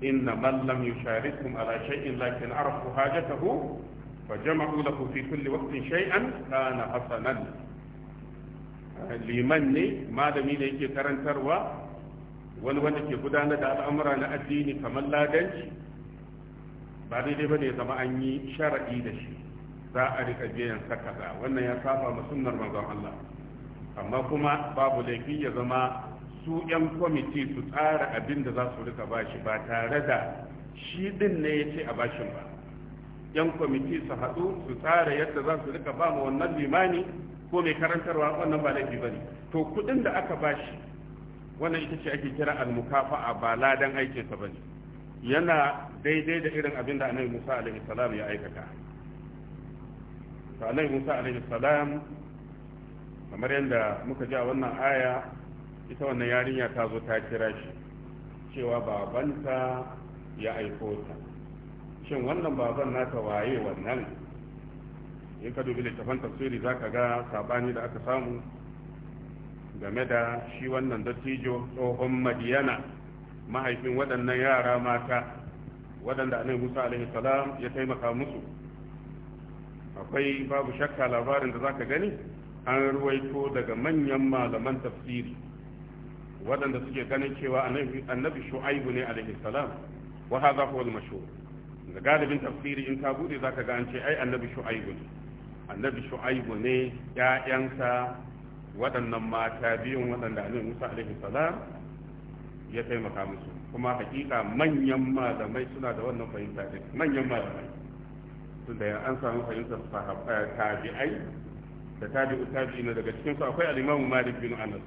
inna man lam yusharikum ala shay'in lakin arafu hajatahu fa jama'u lahu fi kulli waqtin shay'an kana hasanan liman ne malami ne yake karantarwa wani wanda ke gudanar da al'amura na addini kamar ladanci ba daidai ba ne zama an yi shara'i da shi za a rika biyan sakaza wannan ya saba ma sunnar manzon Allah amma kuma babu laifi ya zama su 'yan kwamiti su tsara abin da za su rika bashi ba tare da shi din ne ya ce a bashin ba 'yan kwamiti su haɗu su tsara yadda za su rika ba ma wannan limani ko mai karantarwa wannan ba laifi ba ne to kuɗin da aka bashi wannan ita ce ake kira almukafa a ba ladan aikinsa ba ne yana daidai da irin abin da annabi musa alaihi salam ya aikata to annabi musa alaihi salam kamar yadda muka ji a wannan aya ita wannan yarinya ta zo ta kira shi cewa babanta ya aiko ta shin wannan baban nata waye wannan in ka dubi littafan tafsiri za ka ga sabani da aka samu game da shi wannan dattijo tsohon madiyana mahaifin waɗannan yara mata waɗanda annabi musa alaihi salam ya taimaka musu akwai babu shakka labarin da za ka gani an ruwaito daga manyan malaman tafsiri waɗanda suke ganin cewa annabi shu'aibu ne alaihi salam wa hadha huwa al-mashhur da galibin tafsiri in ka bude zaka ga an ce ai annabi shu'aibu ne annabi shu'aibu ne ƴaƴansa waɗannan mata biyun waɗanda annabi Musa alaihi salam ya taimaka musu kuma hakika manyan malamai suna da wannan fahimta ne manyan malamai tunda an samu fahimtar sahabbai tabi'ai da tabi'u tabi'ina daga cikin su akwai al-Imam Malik bin Anas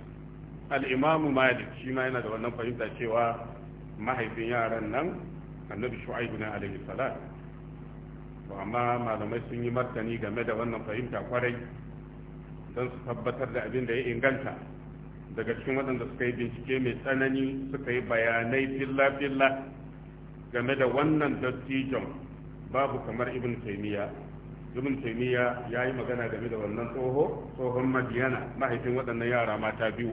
al'imamu malik shi ma yana da wannan fahimta cewa mahaifin yaran nan annabi shu'aibu ne alaihi salat amma malamai sun yi martani game da wannan fahimta kwarai don su tabbatar da abin da ya inganta daga cikin waɗanda suka yi bincike mai tsanani suka yi bayanai filla-filla game da wannan dattijon babu kamar ibn taimiyya ibn taimiyya ya yi magana game da wannan tsoho tsohon madiyana mahaifin waɗannan yara mata biyu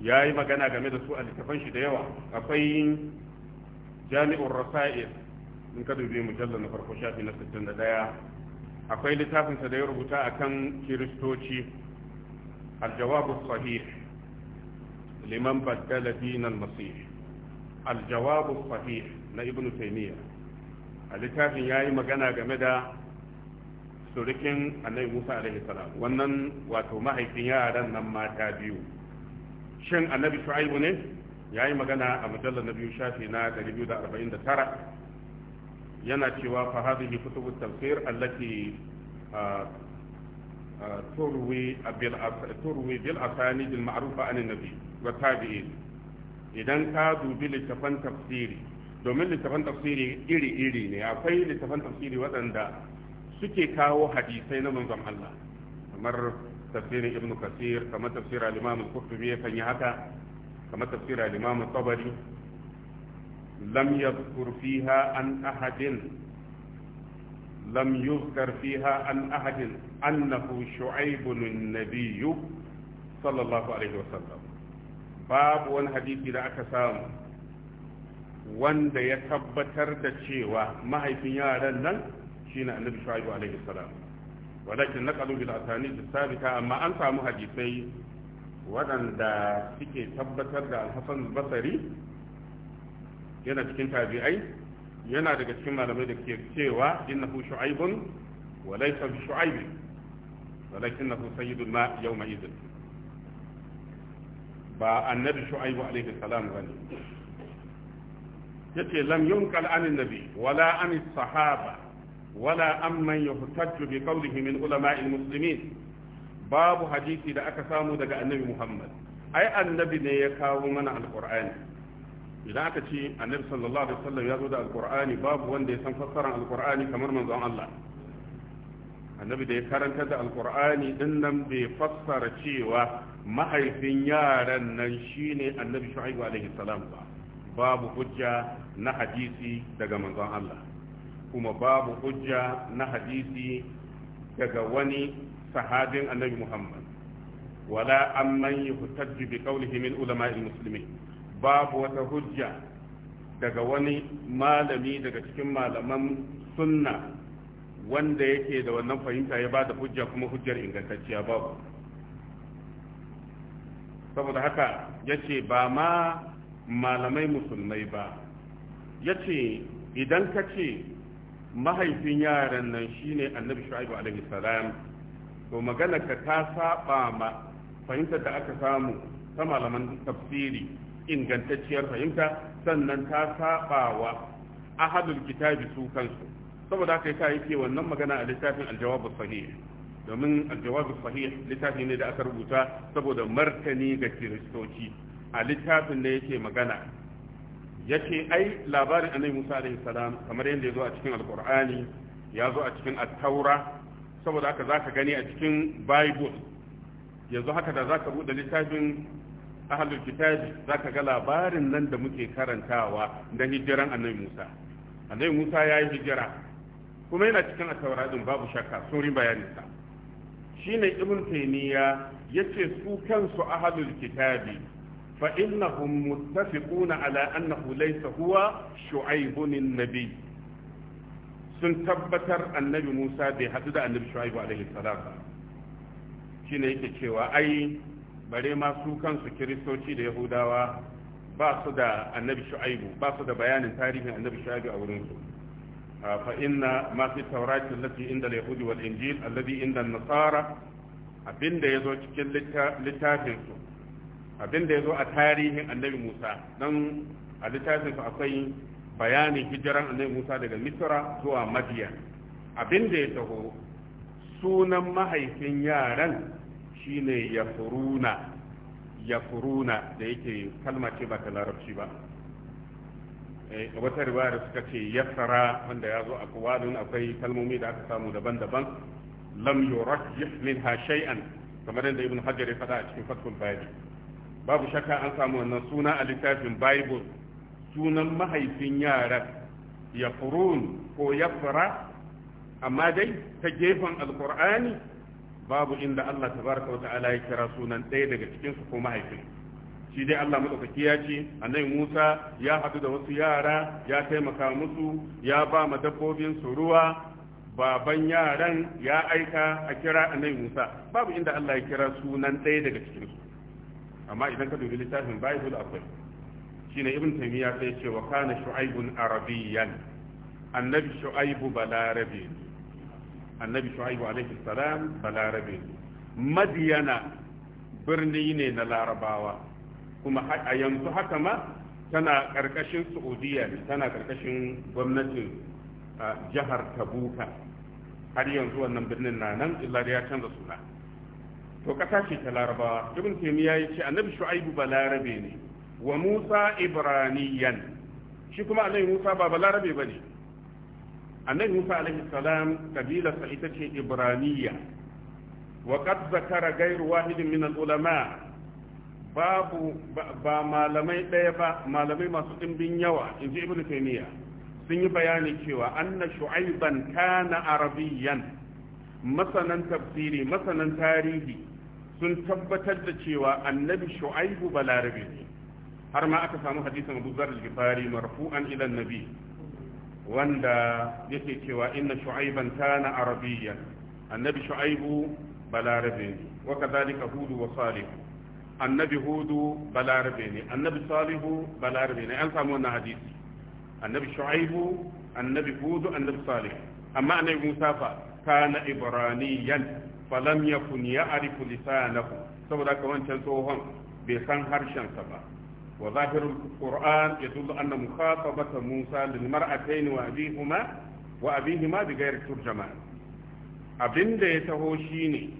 ya yi magana game da su a littafan shi da yawa akwai jami'ur rasa'il in ka dubi mujallar na farko shafi na 61 akwai littafinsa da ya rubuta a kan kiristoci aljawabu sahih liman baddala dinan masih aljawabu sahih na ibnu taymiya a littafin ya yi magana game da surikin annabi musa alaihi salam wannan wato mahaifin yaran nan mata biyu shin annabi shu'aibu ne ya yi magana a mujallar na biyu shafi na 249 yana cewa fa hadhihi kutubu tafsir allati turwi bil turwi bil asanid al ma'rufa an annabi wa tabi'in idan ka dubi littafan tafsiri domin littafan tafsiri iri iri ne akwai littafan tafsiri waɗanda suke kawo hadisai na manzon Allah kamar tafsirin ibnu kasir kamar tafsir al-imam al-qurtubi yakan yi haka kamar tafsir al-imam tabari lam yadhkur fiha an ahadin lam yuzkar fiha an ahadin annahu shu'aibun an-nabiy sallallahu alaihi wa sallam babu wani hadisi da aka samu wanda ya tabbatar da cewa mahaifin yaran nan shine annabi shu'aibu alaihi salam walakin naqalu bil asanid sabita amma an samu hadisai waɗanda suke tabbatar da al-hasan basari yana cikin tabi'ai yana daga cikin malamai da ke cewa innahu shu'aibun wa laysa bi shu'aibin walakinnahu sayyidul ma yawma idin ba annabi shu'aibu alaihi salam bane yace lam yunqal wala sahaba wala amman yuhtajju bi qawlihi min ulama'il muslimin babu hadisi da aka samu daga annabi Muhammad ai annabi ne ya kawo mana alqur'ani idan aka ce annabi sallallahu alaihi wasallam ya zo da alqur'ani babu wanda ya san fassarar alqur'ani kamar manzon Allah annabi da ya karanta da alqur'ani din nan bai fassara cewa mahaifin yaran nan shine annabi shu'aibu alaihi salam ba babu hujja na hadisi daga manzon Allah kuma babu hujja na hadisi daga wani sahabin annabi muhammad wala amman yuhtajju bi qawlihi min ulama'il muslimin babu wata hujja daga wani malami daga cikin malaman sunna wanda yake da wannan fahimta ya ba da hujja kuma hujjar ingantacciya babu saboda haka ya ce ba ma malamai musulmai ba ya ce idan ka ce mahaifin yaran nan shine annabi shu'aibu alaihi salam to magana ka ta saba ma fahimtar da aka samu ta malaman tafsiri ingantacciyar fahimta sannan ta saba wa ahadul kitabi su kansu saboda haka yasa yake wannan magana a littafin aljawabu sahih domin aljawabu sahih littafi ne da aka rubuta saboda martani ga kiristoci a littafin da yake magana yake ai labarin annabi Musa alaihi salam kamar yadda ya zo a cikin alqur'ani ya zo a cikin at saboda haka zaka gani a cikin bible yanzu haka da zaka bude littafin ahlul kitabi zaka ga labarin nan da muke karantawa da hijiran annabi Musa annabi Musa ya yi hijira kuma yana cikin at din babu shakka sun ri bayanin sa shine ibn taymiya yace su kansu ahlul kitabi فإنهم متفقون على أنه ليس هو شعيب النبي sun tabbatar annabi Musa bai haɗu da annabi Shu'aibu alaihi salam shine yake cewa ai bare ma su kansu kiristoci da yahudawa ba su da annabi Shu'aibu ba su da bayanin tarihin annabi Shu'aibu a wurin su ah, fa inna ma fi tawrati allati inda al-yahudi wal injil alladhi inda an-nasara abinda yazo cikin littafin su abinda ya zo a tarihin annabi musa don a littafin su akwai bayanin hijiran annabi musa daga misra zuwa abin abinda ya taho sunan mahaifin yaran shine yafuruna yafuruna da yake kalma ce ba ta larabci ba a eh, wata riwaya da suka ce yasara wanda ya zo a kowadun akwai kalmomi da aka samu daban-daban lam yurajjih minha shay'an kamar da ibn hajar ya faɗa a cikin fatul bari babu shakka an samu wannan suna a littafin bible sunan mahaifin yaran ya ko ya amma dai ta gefen alkur'ani babu inda Allah tabaraka wa ta'ala ya kira sunan ɗaya daga cikin su ko mahaifin shi dai Allah madaukaki ya ce annabi Musa ya haɗu da wasu yara ya taimaka musu ya ba ma dabbobin su ruwa baban yaran ya aika a kira annabi Musa babu inda Allah ya kira sunan ɗaya daga cikin su amma idan ka dubi littafin bible akwai shine ibn taymiya sai ce wa kana shu'aibun arabiyan annabi shu'aibu balarabe annabi shu'aibu alayhi salam madiyana birni ne na larabawa kuma a yanzu haka ma tana karkashin saudiya ne tana karkashin gwamnatin ah, jihar tabuka har yanzu wannan birnin na nan illa ya canza suna to kasa ce ta larabawa ibn taymiya ya ce annabi shu'aibu ba larabe ne wa musa ibraniyan shi kuma annabi musa ba balarabe bane annabi musa alaihi salam kabila sa ita ce ibraniya wa qad zakara ghayru wahidin min al-ulama babu ba malamai daya ba malamai masu dimbin yawa inji ibnu taymiya sun yi bayani cewa anna shu'aiban kana arabiyan masanan tafsiri masanan tarihi sun tabbatar da cewa annabi shu'aibu balarabe ne har ma aka samu hadisin abu zar al-gifari marfu'an ila annabi wanda yake cewa inna shu'aiban kana arabiyyan annabi shu'aibu balarabe ne wa kadhalika hudu wa salih annabi hudu balarabe ne annabi salih balarabe ne an samu wannan hadisi annabi shu'aibu annabi hudu annabi salih amma annabi musa fa kana ibraniyan falam yakun ya'rifu lisanahu saboda haka wancan tsohon bai san harshensa ba wa zahirul qur'an yadullu anna mukhatabata musa lil mar'atayn wa abihima wa abihima bi ghairi turjama abinda ya taho shine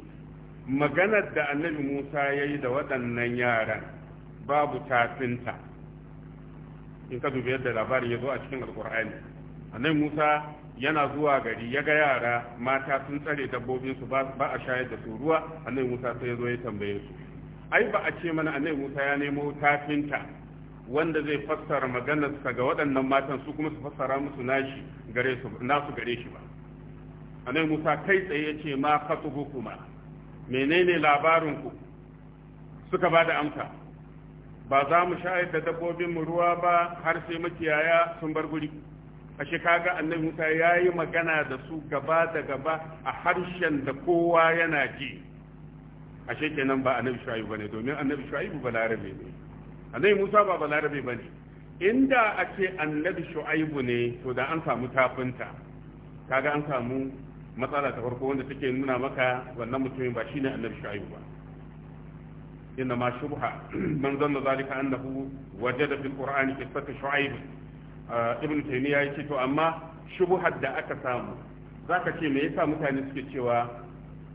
maganar da annabi musa yayi da waɗannan yaran babu tafinta in ka dubi yadda labarin ya zo a cikin alkur'ani annabi Musa yana zuwa gari ya ga yara mata sun tsare dabbobinsu ba a shayar da su ruwa annabi Musa sai ya zo ya tambaye su ai ba a ce mana annabi Musa ya nemo tafinta wanda zai fassara maganarsa ga waɗannan matan su kuma su fassara musu nashi gare su nasu gare shi ba annabi Musa kai tsaye ya ce ma hukuma menene labarin ku suka ba da amsa ba za mu shayar da dabbobin mu ruwa ba har sai makiyaya sun bar guri ashe kaga annabi Musa yi magana da su gaba da gaba a harshen da kowa yana ji ashe kenan ba annabi Shu'aibu ne domin annabi Shu'aibu balarabe ne annabi Musa ba balarabe bane inda a ce annabi Shu'aibu ne to da an samu tafinta kaga an samu matsala ta farko wanda take nuna maka wannan mutumin ba shine annabi Shu'aibu ba inna ma shubha man zanna zalika annahu wajada fil qur'ani qissata shu'aib ibn taymiya ya to amma shubuhar da aka samu zaka ce me yasa mutane suke cewa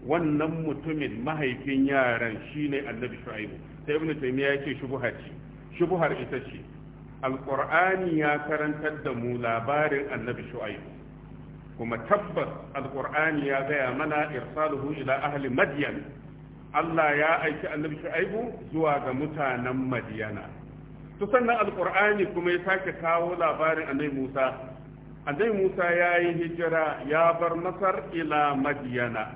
wannan mutumin mahaifin yaran shine annabi shu'aibu sai ibn taymiya ya ce ce shubuhar ita ce alqur'ani ya karantar da mu labarin annabi shu'aibu kuma tabbas alqur'ani ya gaya mana irsaluhu ila ahli madyan Allah ya aiki annabi shu'aibu zuwa ga mutanen madyana to sannan alqur'ani kuma ya sake kawo labarin annabi Musa annabi Musa ya yi hijira ya bar Masar ila Madiyana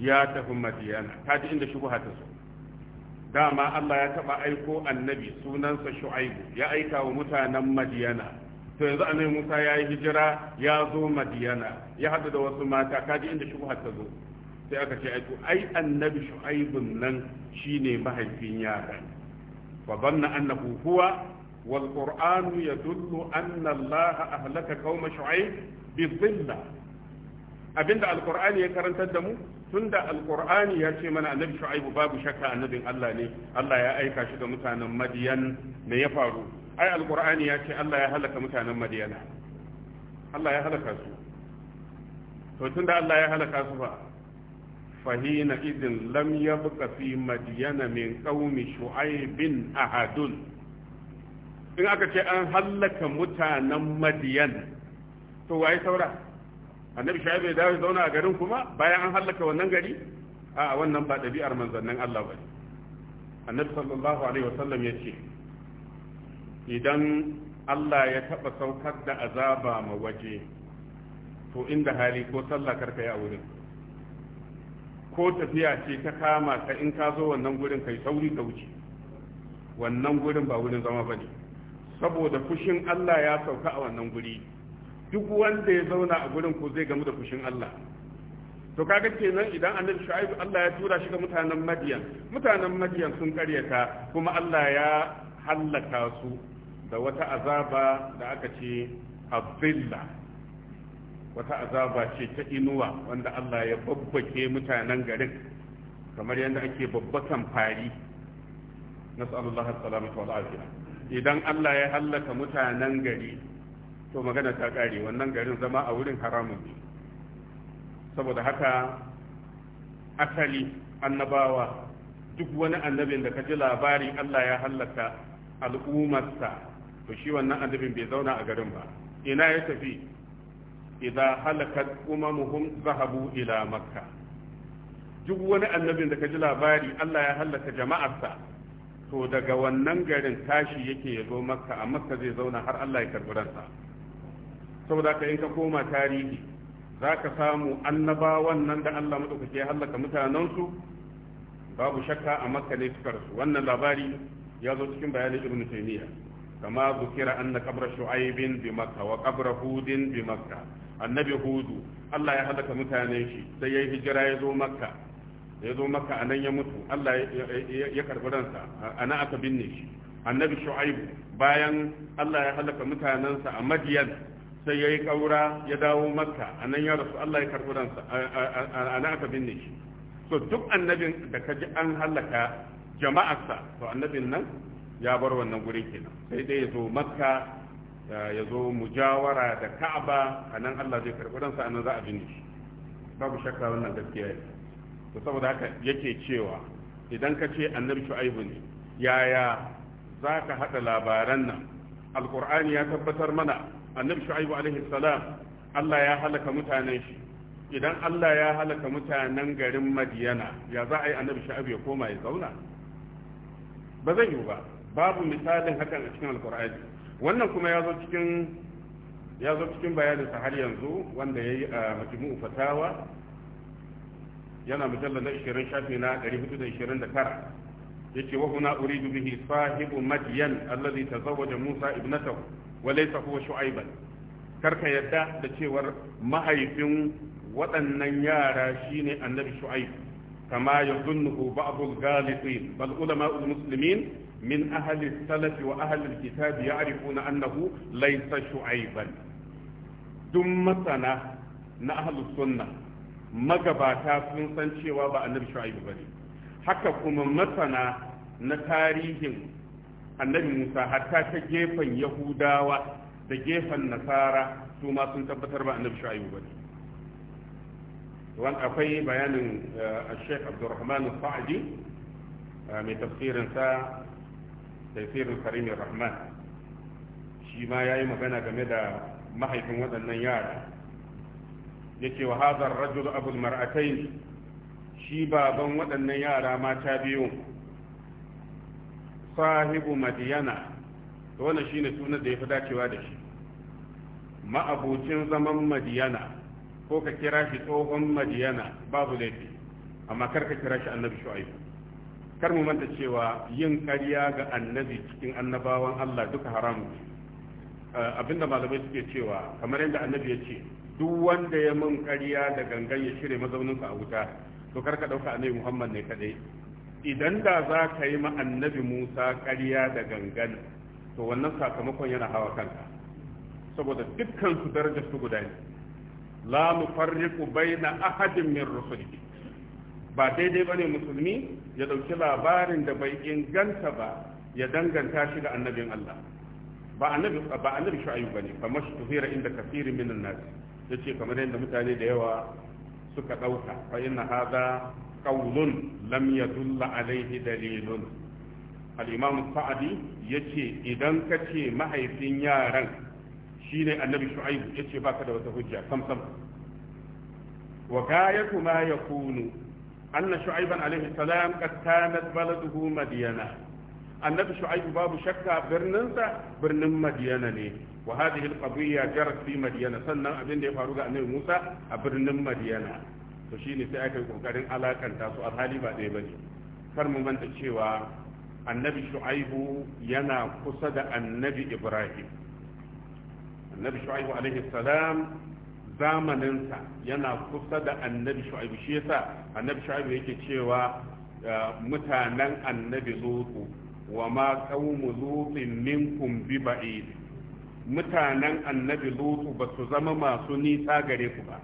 ya tafi Madiyana kaji inda shi ta so dama Allah ya taba aiko annabi sunansa Shu'aibu ya aika wa mutanen Madiyana to yanzu annabi Musa ya yi hijira ya zo Madiyana ya haɗu da wasu mata kaji inda shi ta zo sai aka ce ai annabi Shu'aibun nan shine mahaifin yaran fa dhanna annahu huwa wal qur'anu yadullu anna allaha ahlaka qauma shu'aib bi abinda alqur'ani ya karantar da mu tunda alqur'ani ya ce mana annabi shu'aib babu shakka annabin Allah ne Allah ya aika shi ga mutanen madiyan me ya faru ai alqur'ani ya ce Allah ya halaka mutanen madiyana Allah ya halaka su to tunda Allah ya halaka su فهين إذن لم يبق في مدين من قوم شعيب أحد إن أكتش أن هلك متانا مدين تو أي سورة النبي شعيب يداوي زونا أقرنكما بايا أن هلك وننقري آه وننبأ دبي أرمن زنن الله ولي annabi sallallahu alaihi wasallam ya ce idan Allah ya taɓa saukar da azaba ma waje to inda hali ko sallah karka yi a wurin ko tafiya ce ta kama ka in ka zo wannan gurin kai sauri ka wuce wannan gurin ba wurin zama ba ne saboda fushin Allah ya sauka a wannan guri duk wanda ya zauna a gurin ko zai gamu da fushin Allah to kaga kenan idan annabi shu'aibu Allah ya tura shi ga mutanen madiyan mutanen madiyan sun karyata kuma Allah ya hallaka su da wata azaba da aka ce azilla wata azaba ce ta inuwa wanda Allah ya babbake mutanen garin kamar yadda ake babbakan fari nas'alullahi salamata ta afiya idan Allah ya hallaka mutanen gari to magana ta kare wannan garin zama a wurin haramun ne saboda haka asali annabawa duk wani annabin da ka ji labari Allah ya hallaka al'ummarsa to shi wannan annabin bai zauna a garin ba ina ya tafi idza halakat umamuhum zahabu ila makka duk wani annabin da ka ji labari Allah ya halaka jama'arsa to daga wannan garin tashi yake ya zo makka a makka zai zauna har Allah ya karɓi ransa saboda ka in ka koma tarihi za ka samu annabawan nan da Allah maɗaukaki ya halaka mutanensu babu shakka a makka ne suka rasu wannan labari ya zo cikin bayanin ibn taymiya kama zukira anna qabra shu'aibin bi makka wa qabra hudin bi makka annabi hudu Allah ya halaka mutanen shi sai ya yi hijira ya zo makka ya zo makka a nan ya mutu Allah ya karbi ransa a nan aka binne shi annabi shu'aibu bayan Allah ya halaka mutanensa a madiyan sai ya yi ƙaura ya dawo makka a nan ya rasu Allah ya karbi ransa a nan aka binne shi so duk annabin da ka ji an halaka jama'arsa to annabin nan ya bar wannan gurin kenan sai dai ya zo makka ya zo mujawara da ka'aba a nan Allah zai karɓi ransa a nan za a binne shi babu shakka wannan gaskiya ne to saboda haka yake cewa idan ka ce annabi shu'aibu ne yaya za ka haɗa labaran nan alƙur'ani ya tabbatar mana annabi shu'aibu alaihi salam Allah ya halaka mutanen shi idan Allah ya halaka mutanen garin Madiyana ya za a yi annabi shu'aibu ya koma ya zauna ba zan yi ba babu misalin hakan a cikin alƙur'ani wannan kuma ya zo cikin ya zo cikin bayaninsa har yanzu wanda ya yi a majmu'u fatawa yana mujalla na 20 shafi na 429 yace wa huna uridu bihi sahibu madyan alladhi tazawwaja Musa ibnatahu wa laysa huwa shu'aiban karka yadda da cewar mahaifin waɗannan yara shine annabi shu'aib kama yadhunnu ba'd al-ghalibin bal ulama al-muslimin min ahli salafi wa ahli kitabi ya'rifuna annahu Laisa shu'ayban duk masana na ahli sunna magabata sun san cewa ba annabi shu'ayb bane haka kuma masana na tarihin annabi Musa hatta ta gefen Yahudawa da gefen Nasara su ma sun tabbatar ba annabi Shu'aibu bane wan akwai bayanin eh, Sheikh Abdurrahman Sa'di eh, mai tafsirinsa. taifirul karim rahman shi ma yayi magana game da mahaifin waɗannan yara yake wa hadar rajul abul mar'atain shi baban waɗannan yara mata biyu sahibu madiyana to wannan shine sunan da yafi dacewa da shi ma'abucin zaman madiyana ko ka kira shi tsohon madiyana babu laifi amma kar ka kira shi annabi shu'aibu kar mu manta cewa yin ƙarya ga annabi cikin annabawan Allah duka haramu ne eh, abinda malamai suke cewa kamar yadda annabi ya ce duk wanda ya mun ƙarya da gangan ya shirya mazauninsu a wuta to kar ka ɗauka annabi Muhammad ne kadai, idan da za ka yi ma annabi Musa ƙarya da gangan to wannan sakamakon yana hawa kanka saboda dukkan su daraja su guda ne la mufarriqu baina ahadin min rusulihi ba daidai bane musulmi ya ɗauki labarin da bai inganta ba ya danganta shi da annabin Allah ba annabi ba annabi shu'ayyu bane kamar shi tuhira inda kafirin minan nas yace kamar yadda mutane da yawa suka dauka fa inna hadha qawlun lam yadull alayhi dalilun al-imam sa'di yace idan kace mahaifin yaran shine annabi shu'ayyu yace baka da wata hujja sam sam wa kayatu ma yakunu anna shu'aiban alaihi salam qad kanat baladuhu madiyana annabi shu'aib babu shakka birninsa birnin madiyana ne wa hadhihi alqadiyya jarat fi madiyana sannan abin da ya faru ga annabi musa a birnin madiyana to shine sai aka yi kokarin alakanta su alhali ba ɗaya bane kar mu manta cewa annabi shu'aibu yana kusa da annabi ibrahim annabi shu'aibu alaihi salam zamaninsa yana kusa da annabi shu'aibu shi yasa annabi shu'aibu yake cewa eh, mutanen annabi lutu wa ma qaumu lutin minkum bi ba'id mutanen annabi lutu ba su zama masu nisa gare ku ba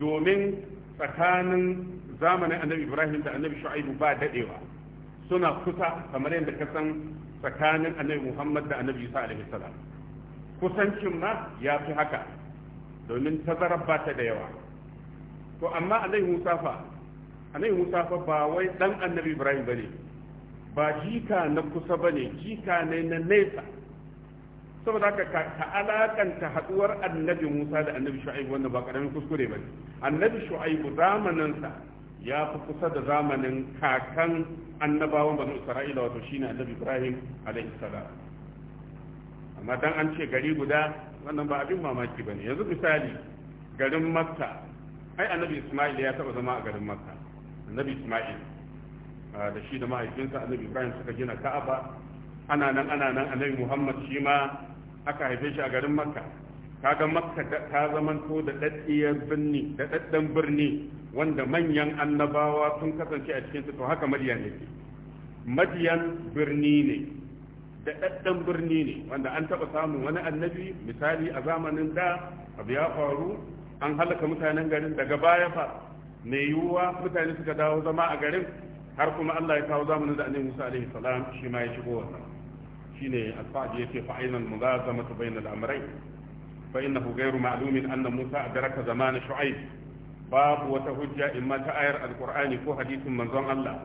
domin tsakanin zamanin annabi ibrahim da annabi shu'aibu ba dadewa suna kusa kamar yadda ka san tsakanin annabi muhammad da annabi isa alaihi salam kusancin ma ya fi haka domin tazarar ba ta da yawa to amma alai musa fa musafa ba wai dan annabi ibrahim bane ba jika na kusa bane jika ne na nesa saboda haka ka alakanta haduwar annabi musa da annabi shu'aibu wanda ba karamin kuskure bane annabi shu'aibu zamaninsa ya fi kusa da zamanin kakan annabawan banu isra'ila wato shine annabi ibrahim alaihi salam amma dan an ce gari guda wannan ba abin mamaki bane yanzu misali garin makka ai annabi isma'il ya taba zama a garin makka annabi isma'il ah, da shi da mahaifinsa annabi ibrahim suka gina ka'aba ana nan ana nan annabi muhammad shi ma aka haife shi a garin makka kaga makka ta zamanto da daddiyar birni da daddan birni wanda manyan annabawa sun kasance a cikin to haka madiyan ne madiyan birni ne daɗaɗɗen birni ne wanda an taɓa samun wani annabi misali a zamanin da abu ya faru an halaka mutanen garin daga baya fa mai yiwuwa mutane suka dawo zama a garin har kuma Allah ya kawo zamanin da annabi Musa alaihi salam shi ma ya shigo wannan shine alfaji yace fa ainal mulazamatu bainal amrayn fa innahu ghayru ma'lumin anna Musa adraka zamana shu'aib babu wata hujja imma ta ayar alqur'ani ko hadisin manzon Allah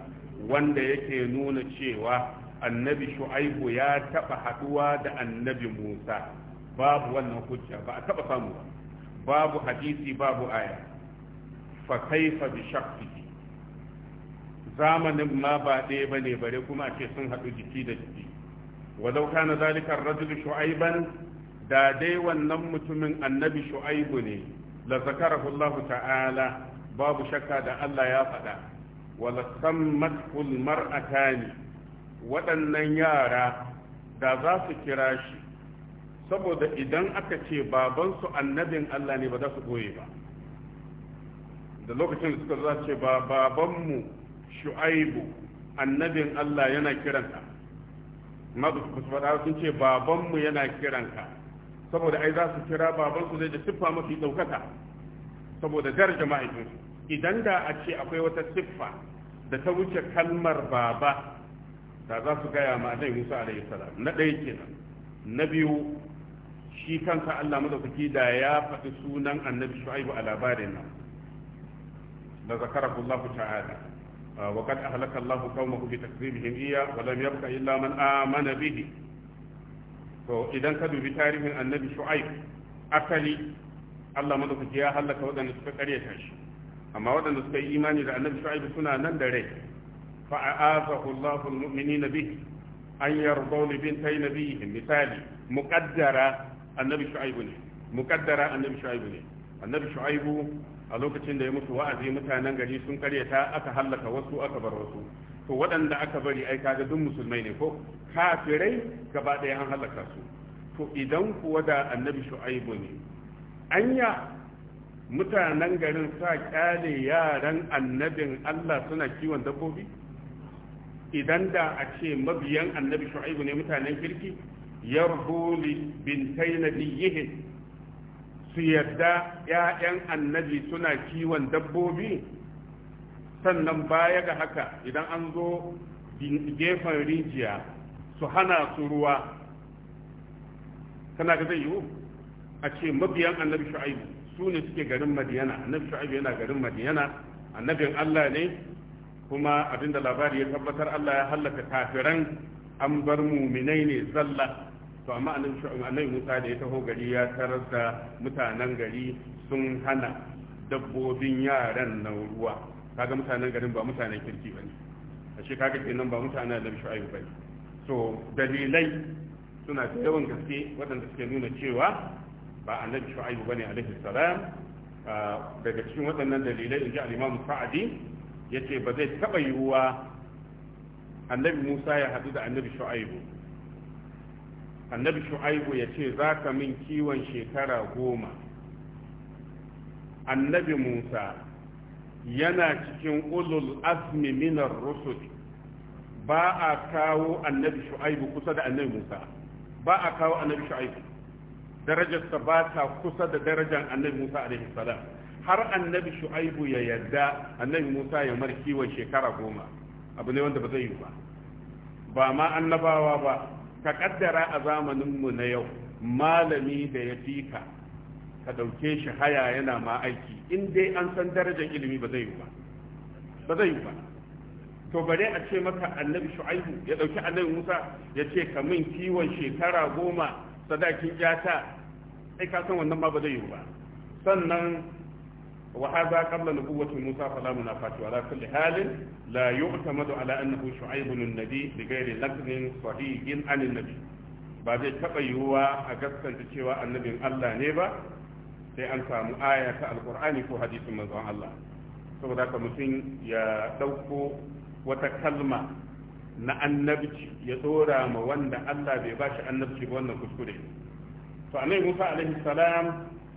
wanda yake nuna cewa annabi shu'aibu ya taba haduwa da annabi musa babu wannan hujja ba a taba samu ba babu hadisi babu aya fa kaifa bi zamanin ma ba ɗaya ba ne bare kuma ce sun haɗu jiki da jiki walau kana zalika ar-rajulu shu'aiban da dai wannan mutumin annabi shu'aibu ne la zakarahu Allah ta'ala babu shakka da Allah ya faɗa wala sammat kul mar'atani waɗannan yara da za su kira shi saboda idan aka ce babansu annabin Allah ne ba za su goye ba da lokacin da suka za ce ba babanmu shu'aibu annabin Allah yana kiranta ma su faɗa sun ce babanmu yana kiranka saboda ai za su kira babansu zai da siffa mafi ɗaukata saboda daraja ma'aikinsu idan da a ce akwai wata siffa da ta wuce kalmar baba da za su gaya ma annabi Musa alaihi salam na ɗaya kenan na biyu shi kanka Allah madaukaki da ya faɗi sunan annabi Shu'aibu a labarin nan da zakarahu Allah ta'ala ah, wa qad ahlaka Allah qaumahu bi takzibihim iya wa lam yabqa illa man amana bihi to idan ka dubi tarihin annabi Shu'aib asali Allah madaukaki ya halaka waɗanda suka karyata shi amma waɗanda suka yi imani da annabi Shu'aib suna nan da rai فأعاذه الله المؤمنين به أن يرضوا لبنتي نبيهم مثالي مقدرة النبي شعيب مقدرة النبي شعيب النبي شعيب a lokacin da ya mutu wa'azi mutanen gari sun karyata aka hallaka wasu aka bar wasu to waɗanda aka bari ai kaga duk musulmai ne ko kafirai gaba ɗaya an hallaka su to idan kuwa da annabi shu'aibu ne anya mutanen garin sa kyale yaran annabin Allah suna kiwon dabbobi idan da a ce mabiyan annabi shu'aibu ne mutanen kirki yarhu li bintai nabiyyihin su yadda ‘ya'yan annabi suna kiwon dabbobi sannan baya ga haka idan an zo gefen rijiya su hana su ruwa kana ga zai yiwu a ce mabiyan annabi shu'aibu su ne suke garin madiyana annabi shu'aibu yana garin madiyana annabin allah ne kuma abinda labari ya tabbatar Allah ya hallaka kafiran an bar muminai ne zalla to amma annabi shu'aib Musa da ya taho gari ya tarar da mutanen gari sun hana dabbobin yaran nan ruwa kaga mutanen garin ba mutanen kirki ba bane ashe kaga kenan ba mutanen annabi ba ne. so dalilai suna da yawan gaske waɗanda suke nuna cewa ba annabi shu'aib bane alaihi salam ah, daga cikin waɗannan dalilai in ji al-imam Sa'di yace ba zai taba yiwuwa annabi Musa ya hadu da annabi Shu'aibu annabi Shu'aibu yace ka min kiwon shekara goma annabi Musa yana cikin ulul azmi minar rusul ba a kawo annabi Shu'aibu kusa da annabi Musa ba a kawo annabi Shu'aibu darajarsa ba ta kusa da darajar annabi Musa alaihi salam har annabi shu'aibu ya yarda annabi musa ya mar kiwon shekara goma abu ne wanda ba zai yi ba ba ma annabawa ba ka kaddara a zamaninmu na yau malami da ya fika ka ɗauke shi haya yana ma aiki in dai an san darajar ilimi ba zai yi ba ba zai yi ba to bare a ce maka annabi shu'aibu ya ɗauki annabi musa ya ce ka min kiwon shekara goma sadakin yata sai ka san wannan ma ba zai yi ba sannan وهذا قبل نبوة موسى فلا منافاة على كل حال لا يعتمد على أنه شعيب النبي بغير لفظ صحيح عن النبي بعد تقيوا أجسد النبي الله نيبا sai an samu ayaka alkur'ani ko hadisin manzon Allah saboda haka mutum ya ɗauko wata kalma na annabci ya tsora ma wanda Allah bai ba shi ba wannan kuskure to Musa salam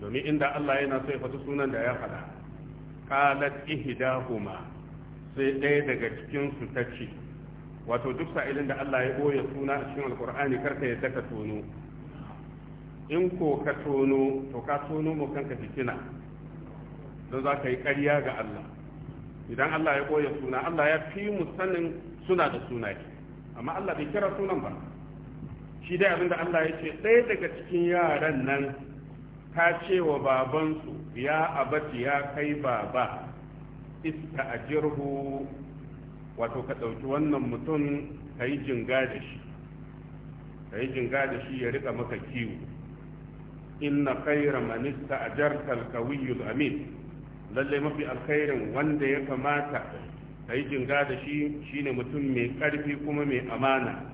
domin inda Allah yana so ya faɗi sunan da ya faɗa qalat ihdahuma sai ɗaya daga cikin su tace wato duk sa'ilin da Allah ya boye suna a cikin alqur'ani karka yadda ka tono in ko ka tono to ka tono mu kanka fitina don za ka yi ƙarya ga Allah idan Allah ya boye suna Allah ya fi mu sanin suna da sunaye amma Allah bai kira sunan ba shi dai abinda Allah ya ce ɗaya daga cikin yaran nan ta ce wa babansu ya abati ya kai baba iska a jirgu wato ka ɗauki wannan mutum ka yi jinga da shi ka yi jinga da shi ya riƙa maka kiwo inna khaira manista a jartar kawiyul amin lallai mafi alkhairin wanda ya kamata ka yi jinga da shi shine mutum mai ƙarfi kuma mai amana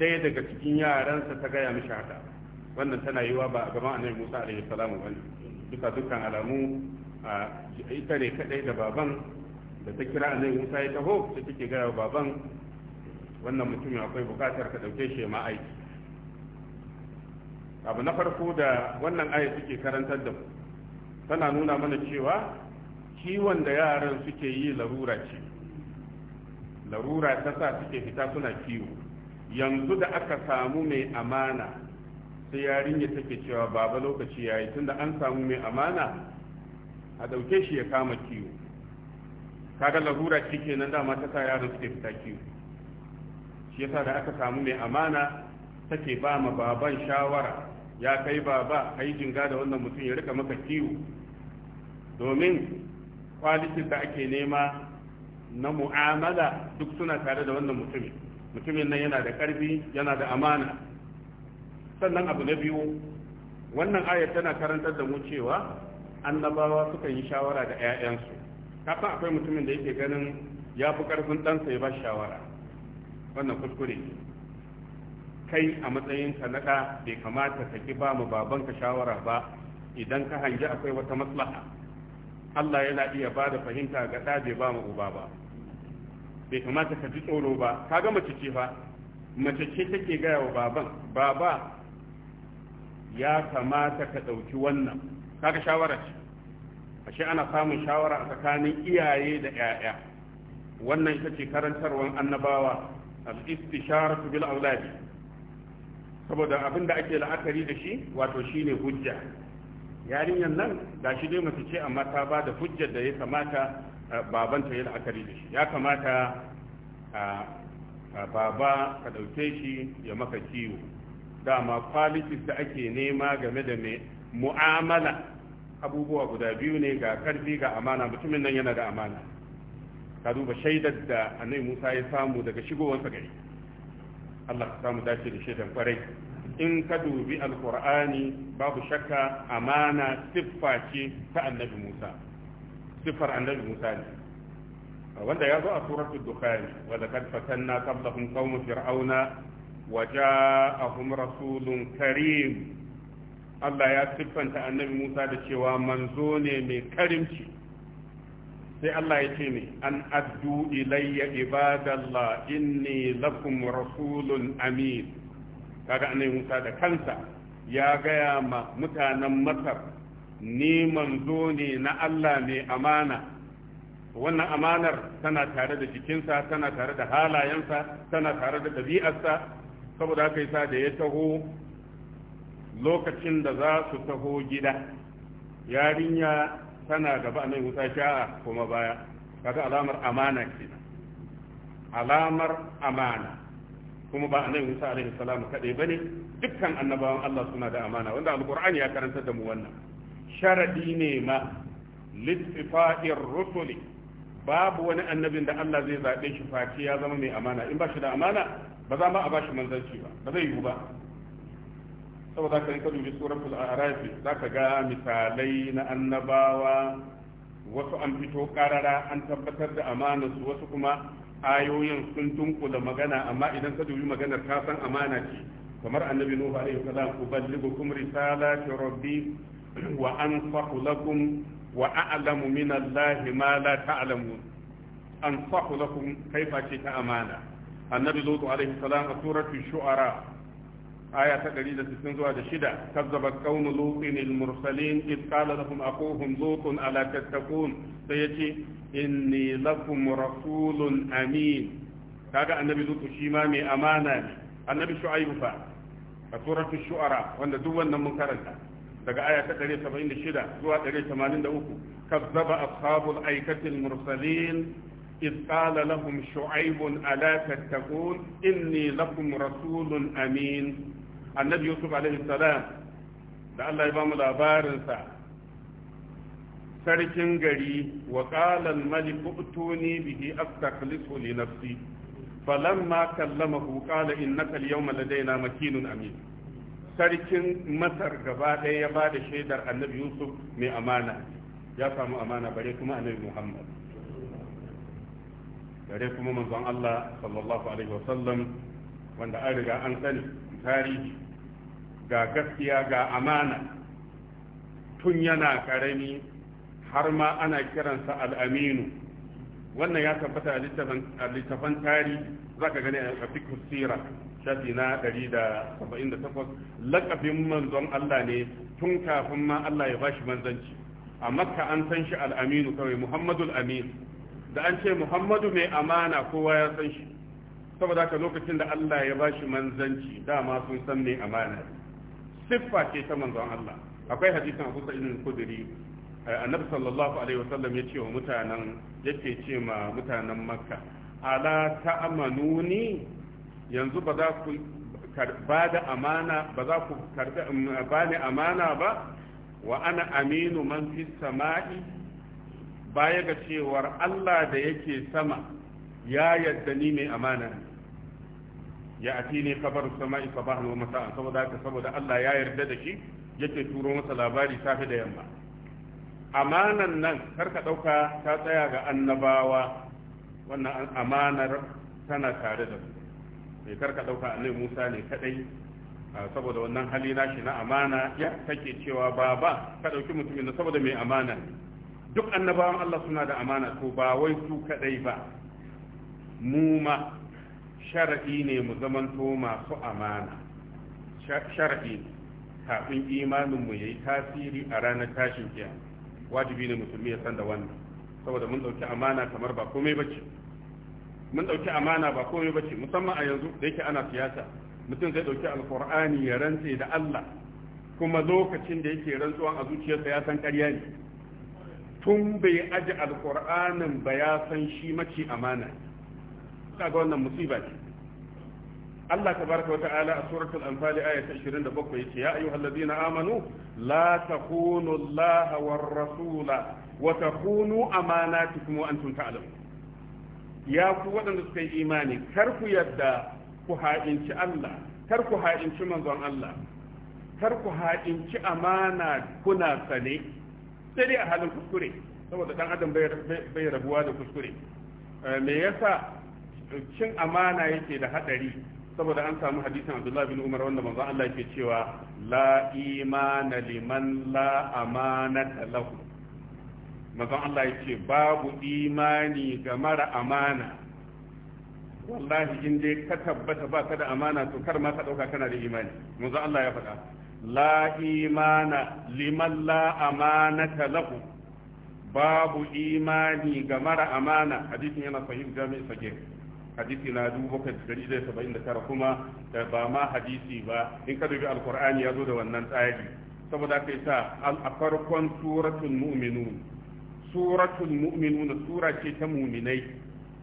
ɗaya daga cikin yaransa ta gaya mishi haka wannan tana wa ba a gama annabi Musa alaihi salamu bane duka dukkan alamu a ita ne kadai da baban da ta kira annabi Musa ya taho sai take ga baban wannan mutumin akwai bukatar ka dauke shi ma aiki abu na farko da wannan aya suke karantar da mu tana nuna mana cewa kiwon da yaran suke yi larura ce larura ta sa suke fita suna kiwo yanzu da aka samu mai amana sai yarinya take cewa baba lokaci ya yi tunda an samu mai amana a ɗauke shi ya kama kiwo kaga larura ke nan dama ta sa yaron suke fita kiwo shi yasa da aka samu mai amana take ba ma baban shawara ya kai baba a yi jinga da wannan mutum ya rika maka kiwo domin kwalitin da ake nema na mu'amala duk suna tare da wannan mutumin mutumin nan yana da karfi yana da amana sannan abu na biyu wannan ayar tana karantar da mu cewa annabawa suka yi shawara da 'ya'yansu kafin akwai mutumin da yake ganin ya fi ƙarfin ɗansa ya ba shawara wannan kuskure kai a matsayinka na ɗa bai kamata ka ki ba mu babanka shawara ba idan ka hangi akwai wata maslaha Allah yana iya ba da fahimta ga ɗa bai ba mu uba ba bai kamata ka ji tsoro ba ka ga mace ce fa mace ce take gaya wa baban baba ya kamata ka ɗauki wannan kaga shawara ce ashe ana samun shawara a tsakanin iyaye da 'ya'ya wannan ita ce karantarwar annabawa al-istisharatu bil auladi saboda abin da ake la'akari da shi wato shine hujja yarinyar nan da shi dai mace ce amma ta ba da hujjar da ya kamata eh, babanta ya la'akari da shi ya kamata ah, ah, baba ka ɗauke shi ya maka kiwo dama qualities da ake nema game da mai mu'amala abubuwa guda biyu ne ga karfi ga amana mutumin nan yana da amana ka duba shaidar da annabi Musa ya samu daga shigowarsa gari Allah ka samu dace da shaidan kwarai in ka dubi alkur'ani babu shakka amana siffa ce ta annabi Musa siffar annabi Musa ne wanda ya zo a suratul dukhani wa laqad fatanna qablahum qaum fir'auna وجاءهم رسول كريم الله يا سبحانه النبي موسى da cewa manzo ne mai karimci sai Allah ya ce ne an addu ilayya ibadallah inni lakum rasulun amin kaga annabi Musa da kansa ya gaya ma mutanen Masar ni manzo ne na Allah mai amana wannan amanar tana tare da jikinsa tana tare da halayensa tana tare da ɗabi'arsa saboda yi sa da ya taho lokacin da za su taho gida yarinya tana gaba nan Musa sha'a kuma baya kaga alamar amana ke. alamar amana kuma ba annabi Musa alaihi salam kadai bane dukkan annabawan Allah suna da amana wanda alqur'ani ya karanta da mu wannan sharadi ne ma littifa'ir rusuli babu wani annabin da Allah zai zabe shi face ya zama mai amana in ba shi da amana ba za ma a bashi manzanci ba ba zai yiwu ba saboda ka ka dubi suratul a'raf za ka ga misalai na annabawa wasu an fito karara an tabbatar da amanar wasu kuma ayoyin sun tunkula magana amma idan ka dubi maganar ka san amana ce kamar annabi nuhu alaihi salam uballighukum risalati rabbi wa ansahu lakum wa a'lamu min allahi ma la ta'lamun ansahu lakum kaifa ce ta amana annabi lutu alaihi salam a suratul shu'ara aya ta 160 zuwa da shida kazzaba qaunu lutin al mursalin id qala lahum aquhum lutun ala tattaqun sai yace inni lakum rasulun amin kaga annabi lutu shi ma mai amana ne annabi shu'aibu fa a suratul shu'ara wanda duk wannan mun karanta daga aya ta 176 zuwa 183 kazzaba ashabul aikatil mursalin إذ قال لهم شعيب ألا تتقون إني لكم رسول أمين النبي يوسف عليه السلام da Allah ya ba mu labarinsa sarkin gari wa ƙalan malik utuni bihi astakhlisu li nafsi falamma kallamahu qala innaka al-yawma ladaina makinun amin sarkin masar gaba ɗaya ya ba da shaidar annabi yusuf mai amana ya samu amana bare kuma annabi muhammad gare kuma manzon Allah sallallahu alaihi wasallam wanda an riga an sani tarihi ga gaskiya ga amana tun yana karami har ma ana kiransa al'aminu wannan ya tabbata a littafan tarihi za ka gani a fikus sira shafi na 178 lakabin manzon Allah ne tun kafin ma Allah ya bashi manzanci a makka an san shi al'aminu kawai muhammadul amin da an ce muhammadu mai amana kowa ya san shi saboda haka lokacin da Allah ya ba shi manzanci dama sun san mai amana siffa ce ta manzon Allah akwai hadisin Abu Sa'id bin khudri eh, annabi sallallahu alaihi wasallam yace wa mutanen yake ce ma mutanen Makka ala ta'amanuni yanzu ba za ku karba da amana ba za ku karba amana ba wa ana aminu man fi sama'i baya ga cewar Allah da yake sama ya yadda ni mai amana ya ati ne kabar ba hannu wa masa'an saboda haka saboda Allah ya yarda da shi yake turo masa labari safe da yamma amanan nan karka ɗauka ta tsaya ga annabawa wannan amanar tana tare da su mai eh, karka ɗauka nai musa ne kaɗai saboda wannan hali nashi na amana ya take cewa baba ka ɗauki mutumin saboda mai amana ne duk annabawan Allah suna da amana to ba wai su kadai ba mu ma shar'i ne mu zamanto masu amana shar'i kafin imanin mu yayi tasiri a ranar tashin kiya wajibi ne musulmi ya san da wannan saboda mun dauki amana kamar ba komai bace mun dauki amana ba komai bace musamman a yanzu da yake ana siyasa mutum zai dauki alqur'ani ya rantse da Allah kuma lokacin da yake rantsuwan a zuciyarsa ya san ƙarya ne tun bai aji alƙur'anin ba ya san shi mace amana ga wannan musiba ce Allah tabaraka wa ta'ala a suratul anfal aya ta 27 yace ya ayyuhalladhina amanu la takunu Allah war rasula wa takunu amanatukum wa antum ta'lamun ya ku waɗanda suka yi imani kar ku yadda ku ha'inci Allah kar ku ha'inci manzon Allah kar ku ha'inci amana kuna sane sai dai a halin kuskure saboda dan adam bai rabuwa da kuskure eh, me yasa cin amana yake da hadari saboda an samu hadisin Abdullah bin Umar wanda manzon Allah yake cewa la imana liman la amanata lahu manzon Allah yake babu imani ga mara amana wallahi in dai ka tabbata ba ka da amana to kar ma ka dauka kana da imani manzon Allah ya faɗa la imana liman la babu imani ga mara amana hadisin yana sahih jami'i sahih hadisi na dubu bakwai da dari da da tara kuma da ba ma hadisi ba in ka dubi alkur'ani ya zo da wannan tsari saboda kai sa a farkon suratul mu'minun sura ce ta mu'minai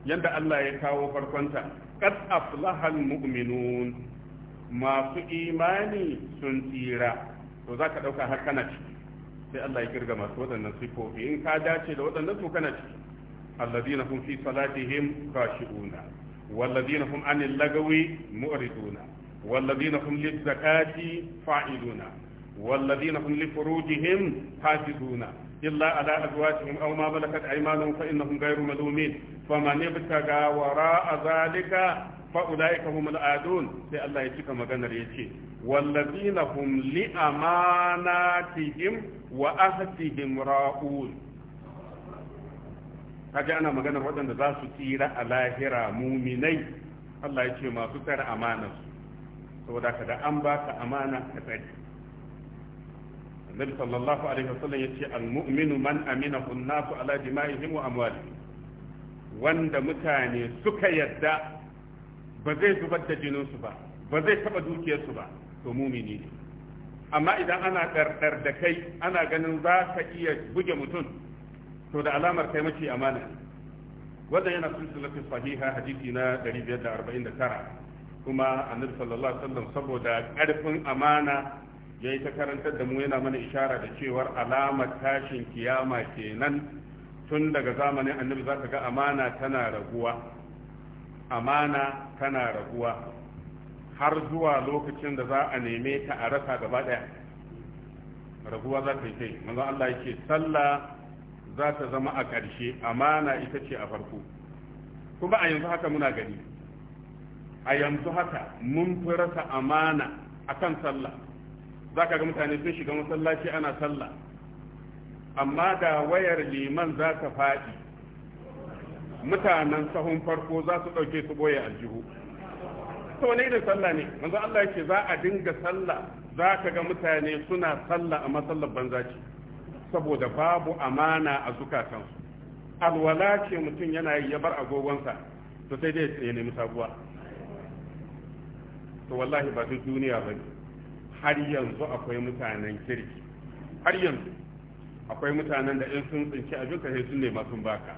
yanda Allah ya kawo farkonta qad aflahal mu'minun masu imani sun tsira to za ka ɗauka har kana ciki sai Allah ya kirga masu waɗannan sifofi in ka dace da waɗannan su kana ciki alladina hum fi salatihim khashi'una walladina hum anil lagawi mu'riduna walladina hum lizakati fa'iluna والذين هم لفروجهم حافظون إلا على أزواجهم أو ما ملكت Fa فإنهم غير ملومين فمن ابتغى وراء ذلك fa'ulaika humul adun sai Allah ya cika maganar yace wallazina hum li amanatihim wa ahdihim ra'un kaje ana maganar waɗanda za su tsira a lahira muminai Allah ya ce masu tsare amanar saboda ka da an baka amana ka tsare annabi sallallahu alaihi wasallam yace almu'minu man amina an-nasu ala dima'ihim wa amwalihim wanda mutane suka yadda ba zai zubar da jininsu ba ba zai taɓa dukiyarsu ba to mumini ne amma idan ana ɗarɗar da kai ana ganin za ka iya buge mutum to da alamar kai mace amana wanda yana sun sulafi sahiha hadisi na 549 kuma annabi sallallahu alaihi wasallam saboda ƙarfin amana ya yi ta karantar da mu yana mana ishara da cewar alamar tashin kiyama kenan tun daga zamanin annabi za ka ga amana tana raguwa amana tana raguwa har zuwa lokacin da za a neme ta a rasa gaba ɗaya raguwa za ta yi kai manzon Allah yake sallah za ta zama a ƙarshe amana ita ce a farko kuma a yanzu haka muna gani a yanzu haka mun fi rasa amana akan sallah za ka ga mutane sun shiga masallaci ana sallah amma da wayar liman za ta faɗi mutanen sahun farko za su ɗauke su boye aljihu to wani irin sallah ne manzo Allah yake za a dinga sallah za ka ga mutane suna sallah a masallar banza ce saboda babu amana a zukatansu alwala ce mutum yana yi ya bar agogonsa to sai dai ya nemi sabuwa to wallahi ba su duniya ba ne har yanzu akwai mutanen kirki har yanzu akwai mutanen da in sun tsinci abinka sai sun nema sun baka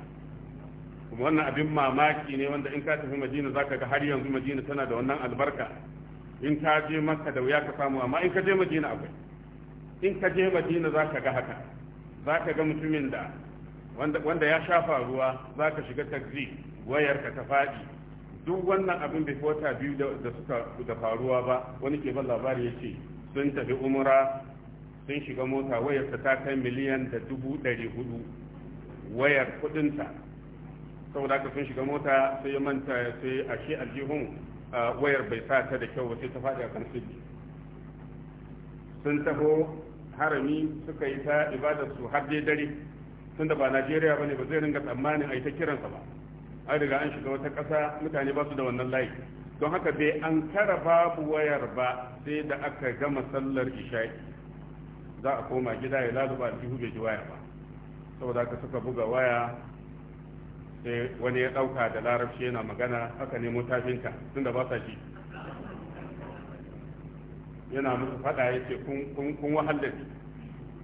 kuma wannan abin mamaki ne wanda in ka tafi madina ka ga har yanzu madina tana da wannan albarka in ka je makka da wuya ka samu amma in ka je madina akwai in ka je madina ka ga haka ka ga mutumin da wanda ya shafa ruwa ka shiga taxi wayar ka ta faɗi duk wannan abin bai wata biyu da suka da faruwa ba wani ke ban labari ya ce sun tafi umura sun shiga mota wayar ta kai miliyan da dubu ɗari hudu wayar kuɗinta saboda haka sun shiga mota sai ya manta sai a shi aljihun wayar bai sa ta da kyau ba sai ta faɗi a kan sirri sun taho harami suka yi ta ibadar su har dai dare tun da ba najeriya ba ne ba zai ringa tsammanin a yi ta kiransa ba an riga an shiga wata ƙasa mutane ba su da wannan layi don haka bai an kara babu wayar ba sai da aka gama sallar isha'i za a koma gida ya lazuba aljihu bai ji waya ba saboda haka suka buga waya sai wani ya ɗauka da larabci yana magana haka ne mutafinka da ba sa ji yana musu faɗa ya ce kun wahalar da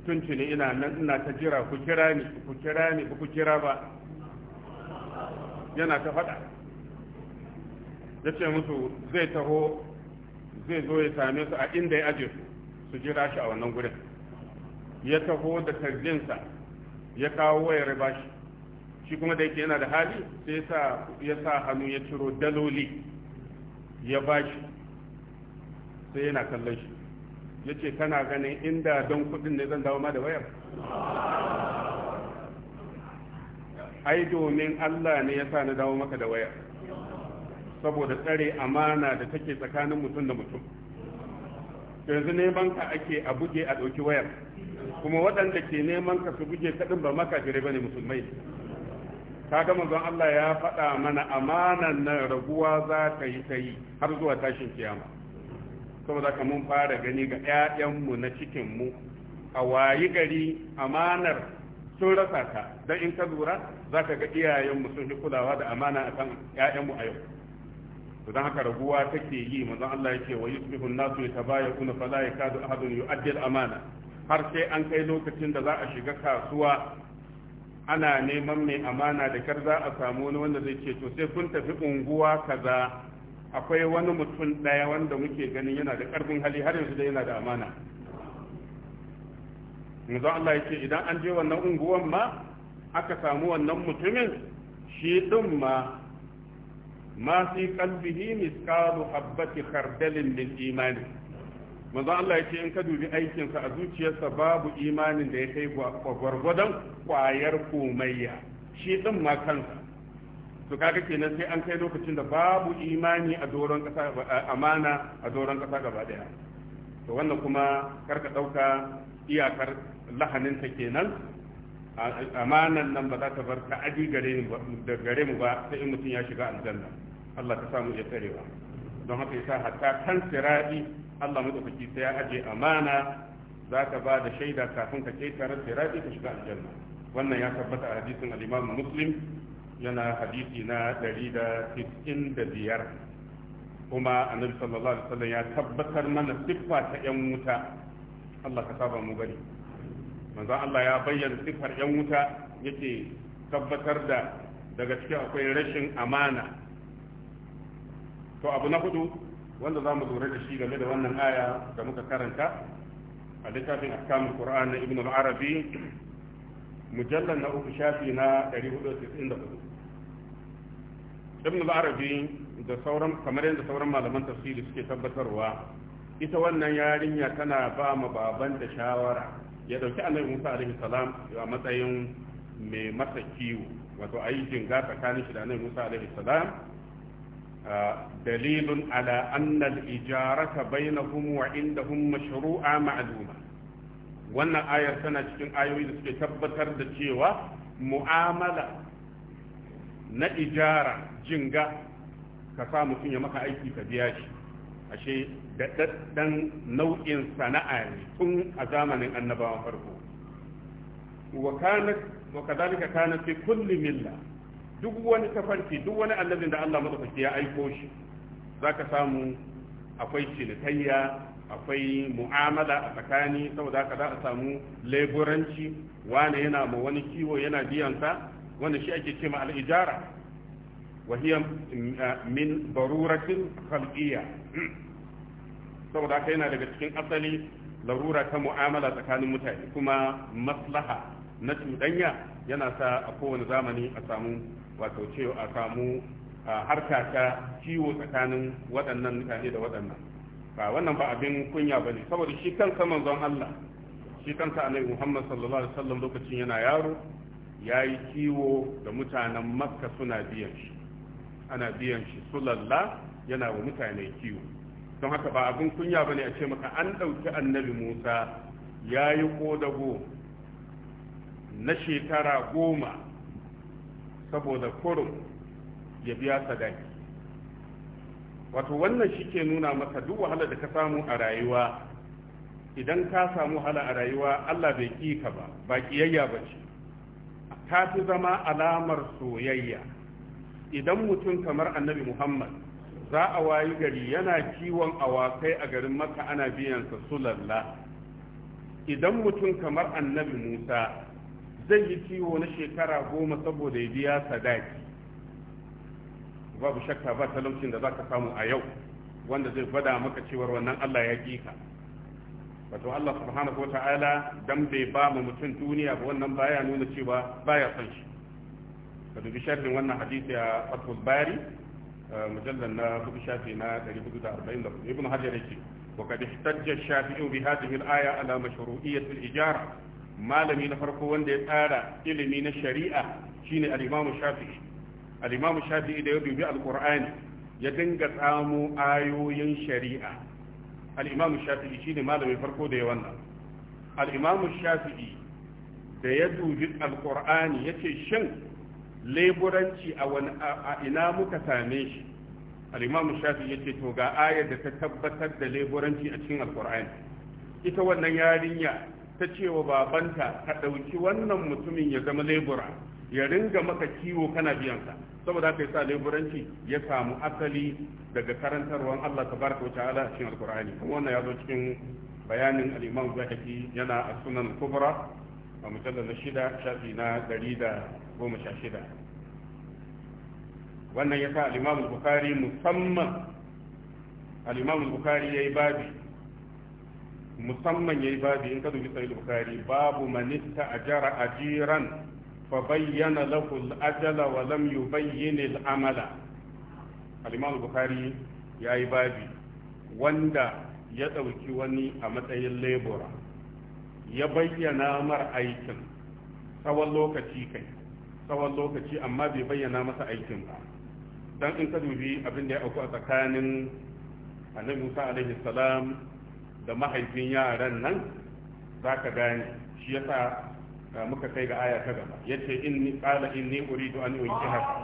tun ne ina nan ina ta jira ku kira ni ku kira ni ku kira ba yana ta faɗa ya ce musu zai taho zai zo ya same su a inda ya aje su su jira shi a wannan gudun. ya taho da tarjinsa ya kawo wayar bashi shi kuma da yake yana da hali sai ya sa hannu ya ciro daloli ya ba shi sai yana kallon shi ya ce kana ganin inda don kudin ne zan dawo ma da wayar ai domin allah ne ya sa na dawo maka da wayar saboda tsare amana da take tsakanin mutum da mutum yanzu neman ka ake a buge a ɗauki wayar kuma waɗanda ke neman ka su buge kaɗin ba maka jire ba ne musulmai kaga manzon Allah ya faɗa mana amanan na raguwa za ta yi ta har zuwa tashin kiyama saboda ka mun fara gani ga 'ya'yanmu na cikinmu a wayi gari amanar sun rasa ta don in ka lura za ka ga iyayenmu sun fi kulawa da amana akan kan 'ya'yanmu a yau to don haka raguwa take yi manzon Allah yake wa yusbihu an-nasu yatabayakuna fala yakadu ahadun yu'addi al-amana har sai an kai lokacin da za a shiga kasuwa ana neman mai amana da kar za a samu wani wanda zai ce to sai kun tafi unguwa kaza akwai wani mutum ɗaya wanda muke ganin yana da ƙarfin hali har yanzu da yana da amana yanzu Allah ya ce idan an je wannan unguwan ma aka samu wannan mutumin shi ɗin ma ma fi kalbihi miskalu habbati khardalin min imani manzo Allah ya ce in ka dubi aikinsa a zuciyarsa babu imanin da ya kai gwargwadon kwayar komayya shi din ma kansa to kaga kenan sai an kai lokacin da babu imani a doron kasa amana a doron kasa gaba daya to wannan kuma karka dauka iyakar lahanin ta kenan amanan nan ba za ta bar ta gare gare mu ba sai in mutum ya shiga aljanna Allah ta samu ya tsarewa don haka yasa hatta kan siradi Allah madaukaki sai ya aje amana zaka ba da shaida kafin ka ketare sirati ka shiga aljanna wannan ya tabbata a hadisin al-Imam Muslim yana hadisi na 195 kuma annabi sallallahu alaihi wasallam ya tabbatar mana siffa ta yan wuta Allah ka saba mu bari manzo Allah ya bayyana siffar yan wuta yake tabbatar da daga cikin akwai rashin amana to abu na hudu wanda za mu lura da shi game da wannan aya da muka karanta a littafin ahkamul qur'an na ibn al-arabi mujallal na uku shafi na 494 ibn al-arabi da sauran kamar yadda sauran malaman tafsiri suke tabbatarwa ita wannan yarinya tana ba ma baban da shawara ya dauki annabi Musa alaihi salam a matsayin mai masa kiwo wato yi jinga tsakanin shi da annabi Musa alaihi salam dalilun ala annal baina bainahum inda indahum mashru'a ma'luma wannan ayar tana cikin ayoyi da suke tabbatar da cewa mu'amala na ijara jinga ka sa mutum ya maka aiki ka biya shi ashe daɗaɗɗen nau'in sana'a ne tun a zamanin annabawan farko wa kadhalika kana fi kulli milla duk wani tafarki duk wani annabin da Allah madaukaki ya aiko shi zaka samu akwai cinikayya akwai mu'amala a tsakani saboda haka za a samu leburanci wani yana ma wani kiwo yana sa wani shi ake ce ma al'ijara hiya min baruratin khalqiyya saboda haka yana daga cikin asali larura ta mu'amala tsakanin mutane kuma maslaha na cuɗanya yana sa a kowane zamani a samu wato cewa a samu harka ta ciwo tsakanin waɗannan mutane da waɗannan ba wannan ba abin kunya ba ne saboda shi kansa manzon Allah shi kansa annabi Muhammad sallallahu alaihi wasallam lokacin yana yaro ya yi kiwo da mutanen makka suna biyan shi ana biyan shi sulalla yana wa mutane kiwo don haka ba abin kunya ba ne a ce maka an ɗauki annabi musa ya yi na shekara goma saboda kurum ya biya sadaki wato wannan shi ke nuna maka duk wahala da ka samu a rayuwa idan ka samu wahala a rayuwa Allah bai ƙi ka ba ba ƙiyayya ba ce ta fi zama alamar soyayya idan mutum kamar annabi Muhammad za a wayi gari yana kiwon awakai a garin maka ana biyansa sulalla idan mutum kamar annabi Musa zai yi ciwo na shekara goma saboda ya biya sadaki babu shakka ba talaucin da za ka samu a yau wanda zai gwada maka cewar wannan Allah ya ƙi ka wato Allah subhanahu wata'ala dan bai ba mu mutum duniya ba wannan baya nuna cewa baya son shi ka dubi sharhin wannan hadisi a Fathul Bari mujallal na hudu shafi na 444 Ibn Hajar yake wa kad ihtajja Shafi'i bi hadhihi al-aya ala mashru'iyyati al-ijara malami na farko wanda ya tsara ilimi na shari'a shine al-imamu shafi'i al-imamu shafi'i da ya dubi al-qur'ani ya dinga tsamo ayoyin shari'a al-imamu shafi'i shine malami farko da ya wannan al-imamu shafi'i da ya dubi al-qur'ani yace shin leburanci a wani a ina muka same shi al-imamu shafi'i yace to ga ayar da ta tabbatar da leburanci a cikin al-qur'ani ita wannan yarinya ta ce wa babanta ka ɗauki wannan mutumin ya zama lebura ya ringa maka kiwo kana biyansa saboda haka sa leburanci ya samu asali daga karantarwar Allah ta baraka wa ta'ala a cikin al'kurani kuma wannan ya zo cikin bayanin al-Imam yana a sunan kubra a mujallal na shida shafi na dari da goma sha shida wannan ya sa imam bukari musamman al bukari ya yi babi musamman yayi babi in ka dubi sahih bukhari babu man ajara ajiran fa bayyana lahu al-ajala wa lam yubayyin al-amala al-imam bukhari yayi babi wanda ya dauki wani a matsayin labora ya bayyana mar aikin tsawon lokaci kai tsawon lokaci amma bai bayyana masa aikin ba dan in ka dubi abin da ya auku a tsakanin annabi Musa alaihi salam da mahaifin yaran nan za ka gane shi yasa uh, muka kai ga aya ta gaba yace inni qala inni uridu an unkihaka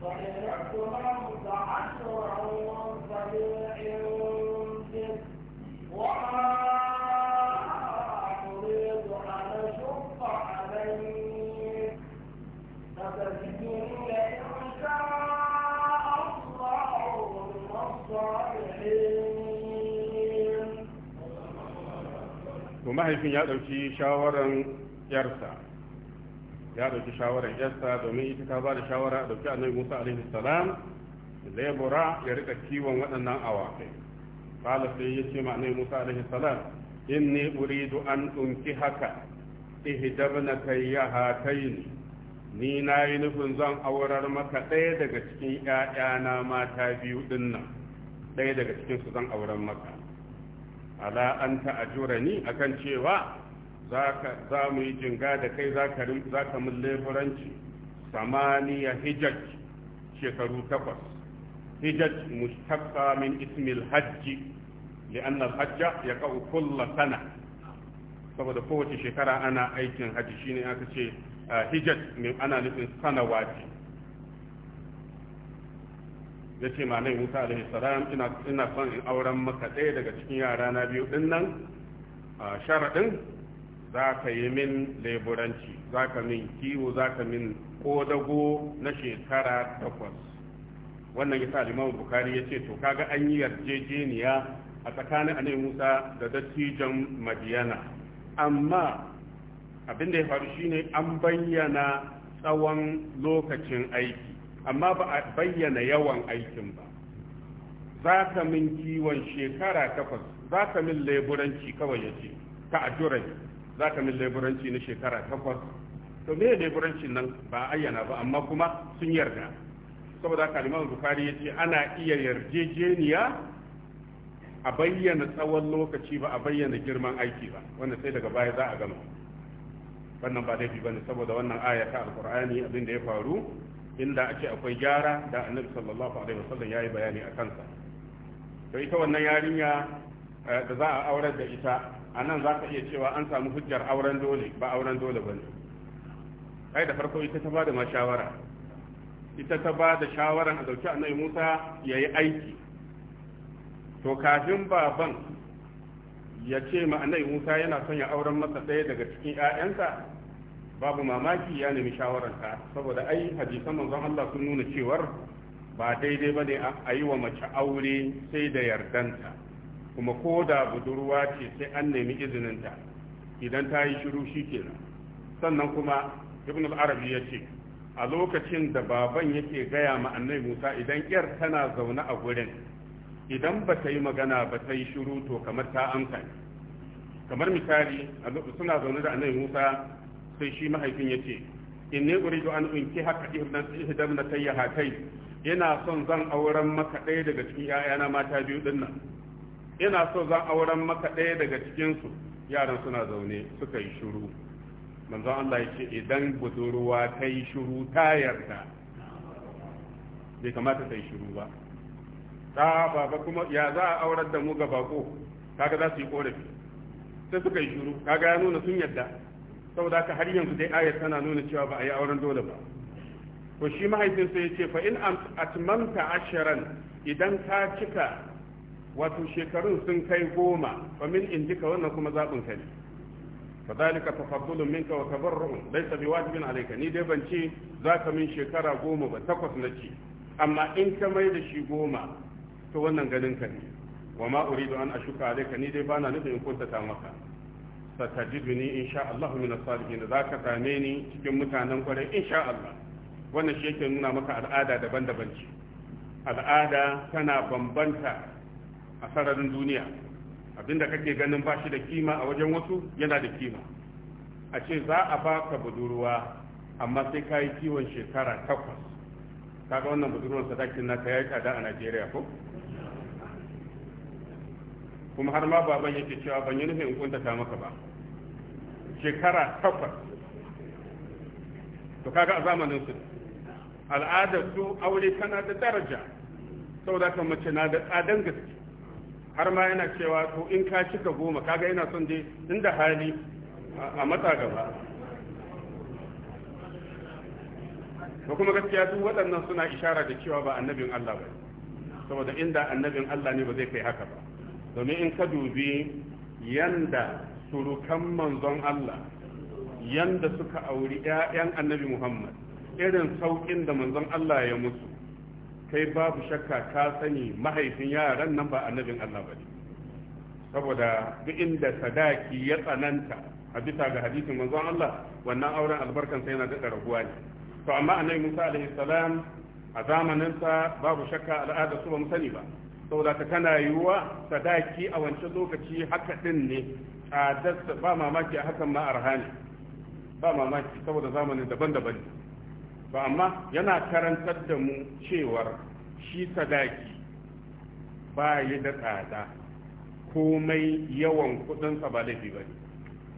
فإن اعتمرت عشرا فليعن mahaifin ya ɗauki shawaran yarsa ya ɗauki shawaran yarsa domin ita ta ba da shawara a ɗauki annabi musa alaihi salam lebura ya rika kiwon waɗannan awakai kala sai ya ce ma annabi musa alaihi salam ɓuri uridu an ɗunki haka ihdabna ne, ni na yi nufin zan aurar maka ɗaya daga cikin ‘ya'yana mata biyu ɗin ɗaya daga cikinsu zan aurar maka ala an ni akan cewa za mu yi jinga da kai za zaka mun leburanci samaniya hijaj shekaru takwas hijaj mustaqqa min ismil hajji li'anna al-hajja yaqa'u kulla sana saboda kowace shekara ana aikin haji shine aka ce ah, hijaj ana nufin sanawa ce ya ce ma nan musa alaihi salam ina son in auren maka ɗaya daga cikin yara na biyu din nan a sharaɗin za ka yi min leburanci za ka min kiwo za ka min kodago na shekara takwas wannan ya sa limamu bukari ya ce to kaga an yi yarjejeniya a tsakanin anai musa da dattijan madiyana amma abin da ya faru shine an bayyana tsawon lokacin aiki amma ba a bayyana yawan aikin ba za ka min kiwon shekara takwas za ka min leburanci kawai ya ce ta ajurai za ka min leburanci na shekara takwas to me leburancin nan ba ayyana ba amma kuma sun yarda saboda haka liman bukari ya ce ana iya yarjejeniya a bayyana tsawon lokaci ba a bayyana girman aiki ba wannan sai daga baya za a gama wannan ba ba ne saboda wannan aya ta alkur'ani abin da ya faru inda ake akwai gyara da annabi sallallahu alaihi wasallam yayi bayani a kansa to ita wannan yarinya eh, da za a aurar da ita a nan za ka iya cewa an samu hujjar auren dole ba auren dole ba ne ai da farko ita ta ba da ma shawara ita ta ba da shawaran a dauki annabi musa ya yi aiki to kafin baban ya ce ma annabi musa yana son ya auren masa ɗaya daga cikin 'ya'yansa babu mamaki ya nemi shawararka saboda ai hadisan manzon Allah sun nuna cewar ba daidai bane a yi wa mace aure sai da yardanta kuma ko da budurwa ce sai an nemi izininta idan ta yi shiru shikenan sannan kuma ibn al-arabi ya ce a lokacin da baban yake gaya ma annabi Musa idan yar tana zaune a gurin idan ba ta yi magana ba ta yi shiru to kamar ta amsa kamar misali suna zaune da annabi Musa sai shi mahaifin ya ce in ne uridu an unki haka ihdam na tayya hatai ina son zan auren maka ɗaya daga cikin ‘ya'yana mata biyu ɗin nan ina son zan auren maka ɗaya daga cikinsu yaran suna zaune suka yi shuru manzon Allah ya ce idan budurwa ta yi shuru ta yarda bai kamata ta yi shuru ba ta baba kuma ya za a aurar da mu ga bako kaga za su yi korafi sai suka yi shuru kaga ya nuna sun yarda saboda ka har yanzu dai ayar tana nuna cewa ba a yi auren dole ba to shi mahaifinsa ya ce fa in atmamta asharan idan ka cika wato shekarun sun kai goma fa min indika wannan kuma zaɓin ka ne فذلك minka wa وتبرع laysa biwajibin alayka ni dai ban ce zaka min shekara goma ba takwas na ci amma in ka mai da shi goma to wannan ganin ka ne wa ma uridu an ashuka alayka ni dai bana nufin in kuntata maka satajiduni insha Allah min as-salihin zaka same ni cikin mutanen kwarai insha Allah wannan shi yake nuna maka al'ada daban-daban ce al'ada tana bambanta a sararin duniya abinda kake ganin bashi da kima a wajen wasu yana da kima a ce za a baka budurwa amma sai ka kiwon shekara takwas kaga wannan budurwar sadakin naka ya yi a najeriya ko kuma har ma baban yake cewa ban yi nufin in kuntata maka ba shekara takwas to kaga a zamanin su al'adar su aure tana da daraja saboda kan mace na da tsadan gaske har ma yana cewa to in ka cika goma kaga yana son dai inda hali a matsa gaba to kuma gaskiya duk waɗannan suna ishara da cewa ba annabin Allah ba saboda inda annabin Allah ne ba zai kai haka ba domin in ka dubi yanda surukan manzon Allah yanda suka auri ‘ya'yan annabi Muhammad irin sauƙin da manzon Allah ya musu kai babu shakka ka sani mahaifin yaran nan ba annabin Allah ba ne saboda duk inda sadaki ya tsananta a bisa ga hadisin manzon Allah wannan auren albarkansa yana daɗa raguwa ne to amma annabi Musa alaihi salam a zamaninsa babu shakka al'ada su ba mu sani ba saboda ta kana yiwuwa sadaki a wancan lokaci haka din ne tsadarsa ba mamaki a hakan ma arhani ba mamaki saboda zamanin daban-daban ba amma yana karantar da mu cewar shi sadaki ba yi da tsada komai yawan kudinsa ba laifi ba ne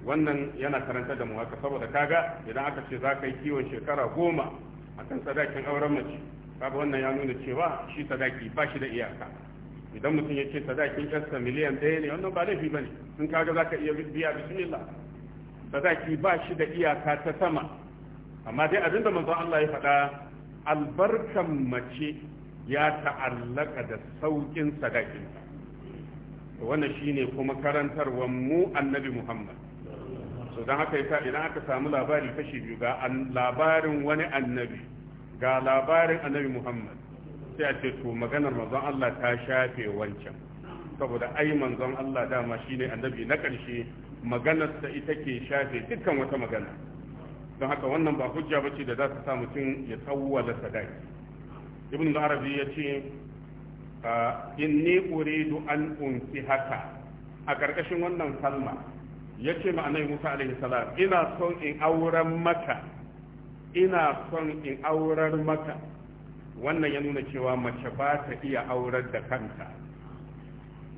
wannan yana karantar da mu haka saboda kaga idan aka ce za ka yi kiwon shekara goma a kan sadakin auren mace kaga wannan ya nuna cewa shi sadaki ba shi da iyaka idan mutum ya ce sadakin yarsa miliyan ɗaya ne wannan ba laifi ba ne in kaga za ka iya biya bismillah sadaki ba shi da iyaka ta sama amma dai abinda manzon Allah ya faɗa albarkan mace ya ta'allaka da saukin sadakin wannan shine kuma karantarwar mu annabi Muhammad so don haka yasa idan aka samu labari kashi biyu ga labarin wani annabi ga labarin annabi Muhammad sai a ce to maganar manzon Allah ta shafe wancan saboda ai manzon Allah dama shine annabi na ƙarshe maganar ta ita ke shafe dukkan wata magana don haka wannan ba hujja bace da za ta sa mutum ya tsawwala sadaki ibn arabi ya ce inni uridu an unsi haka a ƙarƙashin wannan kalma ya ce annabi musa alaihi salam ina son in auren maka ina son in aurar maka wannan ya nuna cewa mace ba ta iya aurar da kanta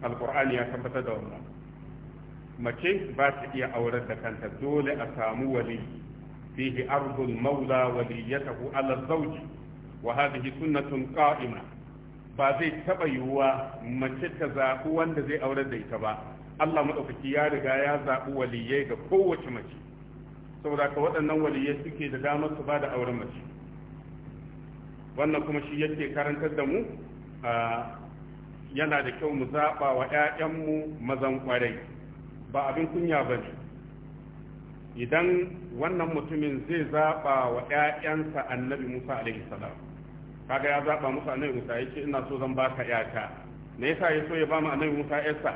alkur'ani ya tabbatar da wannan mace ba ta iya aurar da kanta dole a samu wali fihi ardul maula waliyatahu ala zawji wa hadhihi sunnatun qa'ima ba zai taba yiwuwa mace ta zaɓi wanda zai aurar da ita ba Allah madaukaki ya riga ya zaɓi waliyai ga kowace mace saboda ka waɗannan waliyai suke da damar su ba da auren mace wannan kuma shi yake karantar da mu yana da kyau mu zaɓa wa 'ya'yanmu mazan kwarai ba abin kunya ba ne idan wannan mutumin zai zaɓa wa 'ya'yansa annabi musa alaihi salam kaga ya zaɓa musa annabi musa ya ce ina so zan baka 'yata me yasa ya so ya ba mu annabi musa 'yarsa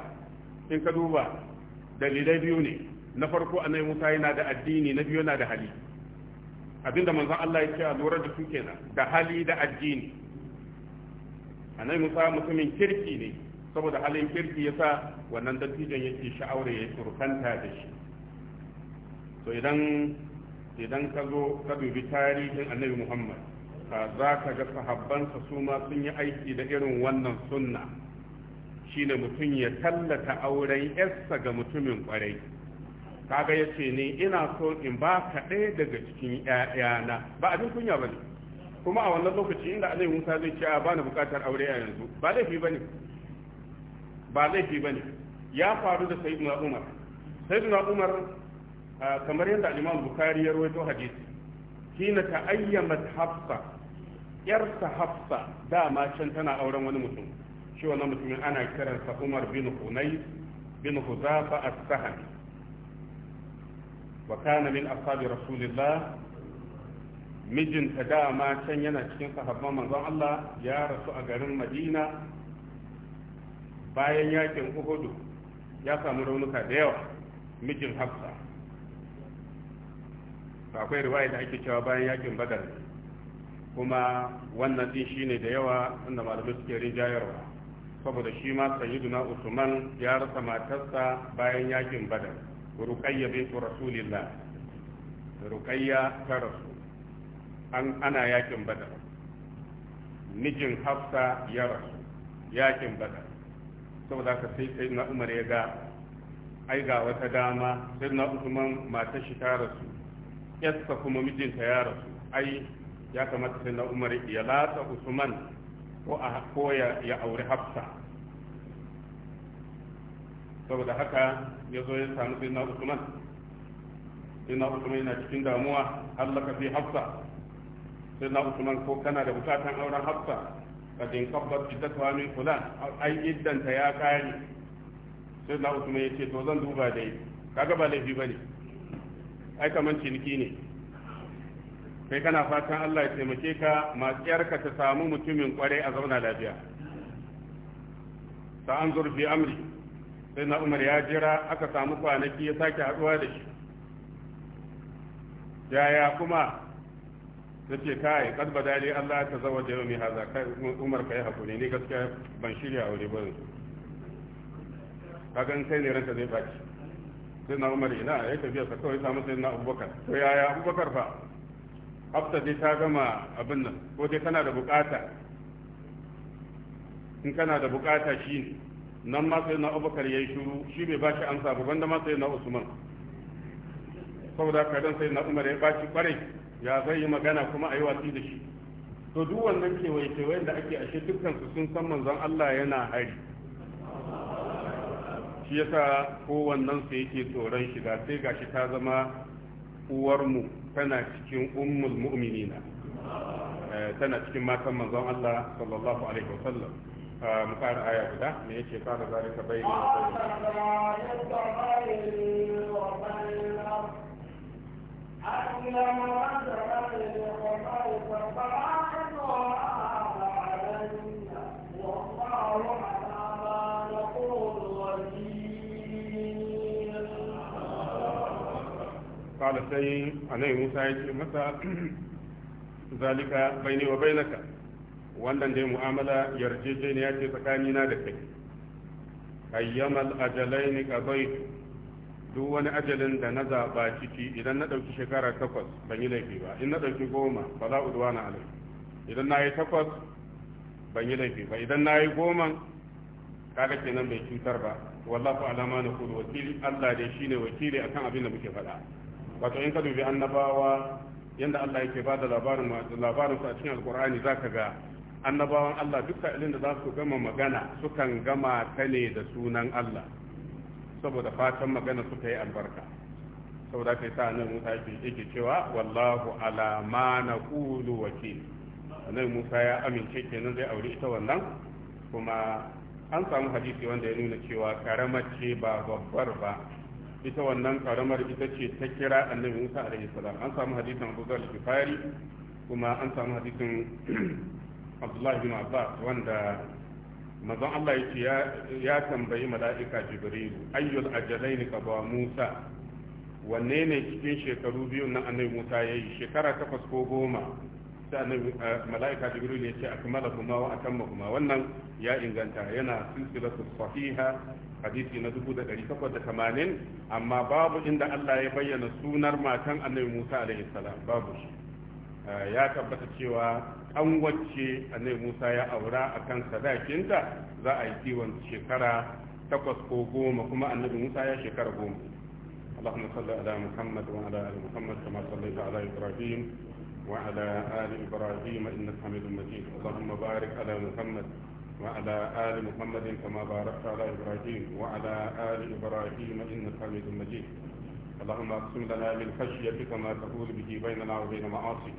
in ka duba dalilai biyu ne na farko annabi musa yana da addini na biyu yana da hali abinda manzon Allah ya ce a lura da su kenan da hali da addini annabi Musa mutumin kirki ne saboda halin kirki yasa wannan dattijan yake sha'awar ya surkanta da shi to idan idan ka zo ka dubi tarihin annabi Muhammad ka za ka ga sahabbansa su ma sun yi aiki da irin wannan sunna shine mutum ya tallata auren yarsa ga mutumin kwarai kaga ya ce ni ina so in ba ka ɗaya daga cikin ‘ya'yana ba abin kunya ba ne kuma a wannan lokaci inda alai musa zai ce ba na bukatar aure a yanzu ba laifi ba ne ba laifi ba ne ya faru da sayyidina umar sayyidina umar kamar yadda imam bukari ya rawaito hadisi hina ta ayyama hafsa yarsa hafsa dama can tana auren wani mutum shi wannan mutumin ana kiransa umar bin hunay bin huzafa as-sahmi wa kana min ashabi rasulillah mijinta dama can yana cikin sahabban manzon Allah ya rasu a garin Madina bayan yakin Uhudu ya samu raunuka da yawa mijin Hafsa akwai riwaya da ake cewa bayan yakin Badar kuma wannan din shine da yawa inda malamai suke rinjayarwa saboda shi ma sayyiduna Usman ya rasa matarsa bayan yakin Badar ruqayya bint rasulillah ruƙayya ta rasu an ana yakin badar mijin hafsa ya rasu yakin badar saboda ka sai sai na umar ya ga ai ga wata dama sai na usman mata shi ta rasu yassa kuma mijinta ya rasu ai ya kamata sai na umar ya latsa usman ko a ko ya auri hafsa saboda haka ya zo ya sami sai na usman sai na usman yana cikin damuwa allah fi hafsa sai na usman ko kana da bukatan auren hafsa ka din kabbar ki ta tuwami fulan ai iddanta ya kare sai na usman ya ce to zan duba dai kaga ba laifi bane ai kaman ciniki ne kai kana fatan Allah ya taimake ka matsiyarka ta samu mutumin kwarai a zauna lafiya ta an zurfi amri sai na umar ya jira aka samu kwanaki ya sake haɗuwa da shi yaya kuma ta ce kai kad ba dali Allah ta zawa da yau haza kai umar yi hakuri ni gaskiya ban shirya aure ba yanzu kaga in kai ne ranka zai baki sai na umar ina ya tafiya sa kawai samu sai na abubakar to yaya abubakar fa hafta dai ta gama abin nan ko dai kana da bukata in kana da bukata ne nan ma sai na abubakar ya yi shuru shi bai ba shi amsa ba banda ma sai na usman saboda kadan sai na umar ya ba shi kwarai ya zai yi magana kuma a yi watsi da shi to duk wannan kewaye kewayen da ake ashe dukkan su sun san manzon Allah yana hari shi yasa kowannen su yake tsoron shiga sai gashi ta zama uwarmu tana cikin ummul mu'minina eh, tana cikin matan manzon Allah sallallahu alaihi wasallam A mukara aya guda me yake sa da zalika bai da bai قال wannan dai mu'amala yarjejeniya ce tsakanina da kai ayyamal ajalaini qabaitu duk wani ajalin da na zaɓa ciki idan na ɗauki shekara takwas ban yi laifi ba in na ɗauki goma ba za udwa na alai idan na yi takwas ban yi laifi ba idan na yi goman kaga kenan bai cutar ba wallahu alama na kudu wakili allah dai shine wakili akan abin da muke faɗa wato in ka dubi annabawa yanda allah yake ba da labarin su a cikin alkur'ani ka ga annabawan Allah duka ilin da za su gama magana sukan gama ta ne da sunan Allah saboda fatan magana suka yi albarka saboda kai sa nan Musa ya yake cewa wallahu ala ma naqulu wakil nan Musa ya amince kenan zai aure ita wannan kuma an samu hadisi wanda ya nuna cewa karamar ce ba babbar ba ita wannan karamar ita ce ta kira annabi Musa alaihi salam an samu hadisin Abu Dhar kuma an samu hadisin abdullahi bin abbas wanda mazan allah ya ce ya tambayi mala'ika jibrilu ayyul ajalaini ka ba musa wanne ne cikin shekaru biyu na annabi musa ya yi shekara takwas ko goma sai annabi eh, mala'ika jibrilu ya ce akmala kuma wa atamma kuma wannan ya inganta yana su sahiha hadisi na 1880 amma babu inda Allah ya bayyana sunar matan annabi Musa alaihi salam babu shi eh, ya tabbata cewa an wacce annai musa ya aura a kan sadakinta za a yi kiwon shekara takwas ko goma kuma annabi musa ya shekara goma اللهم صل على محمد وعلى ال محمد كما صليت على ابراهيم وعلى ال ابراهيم انك حميد مجيد اللهم بارك على محمد وعلى ال محمد كما باركت على ابراهيم وعلى ال ابراهيم انك حميد مجيد اللهم اقسم لنا من خشيتك ما تقول به بيننا وبين معاصيك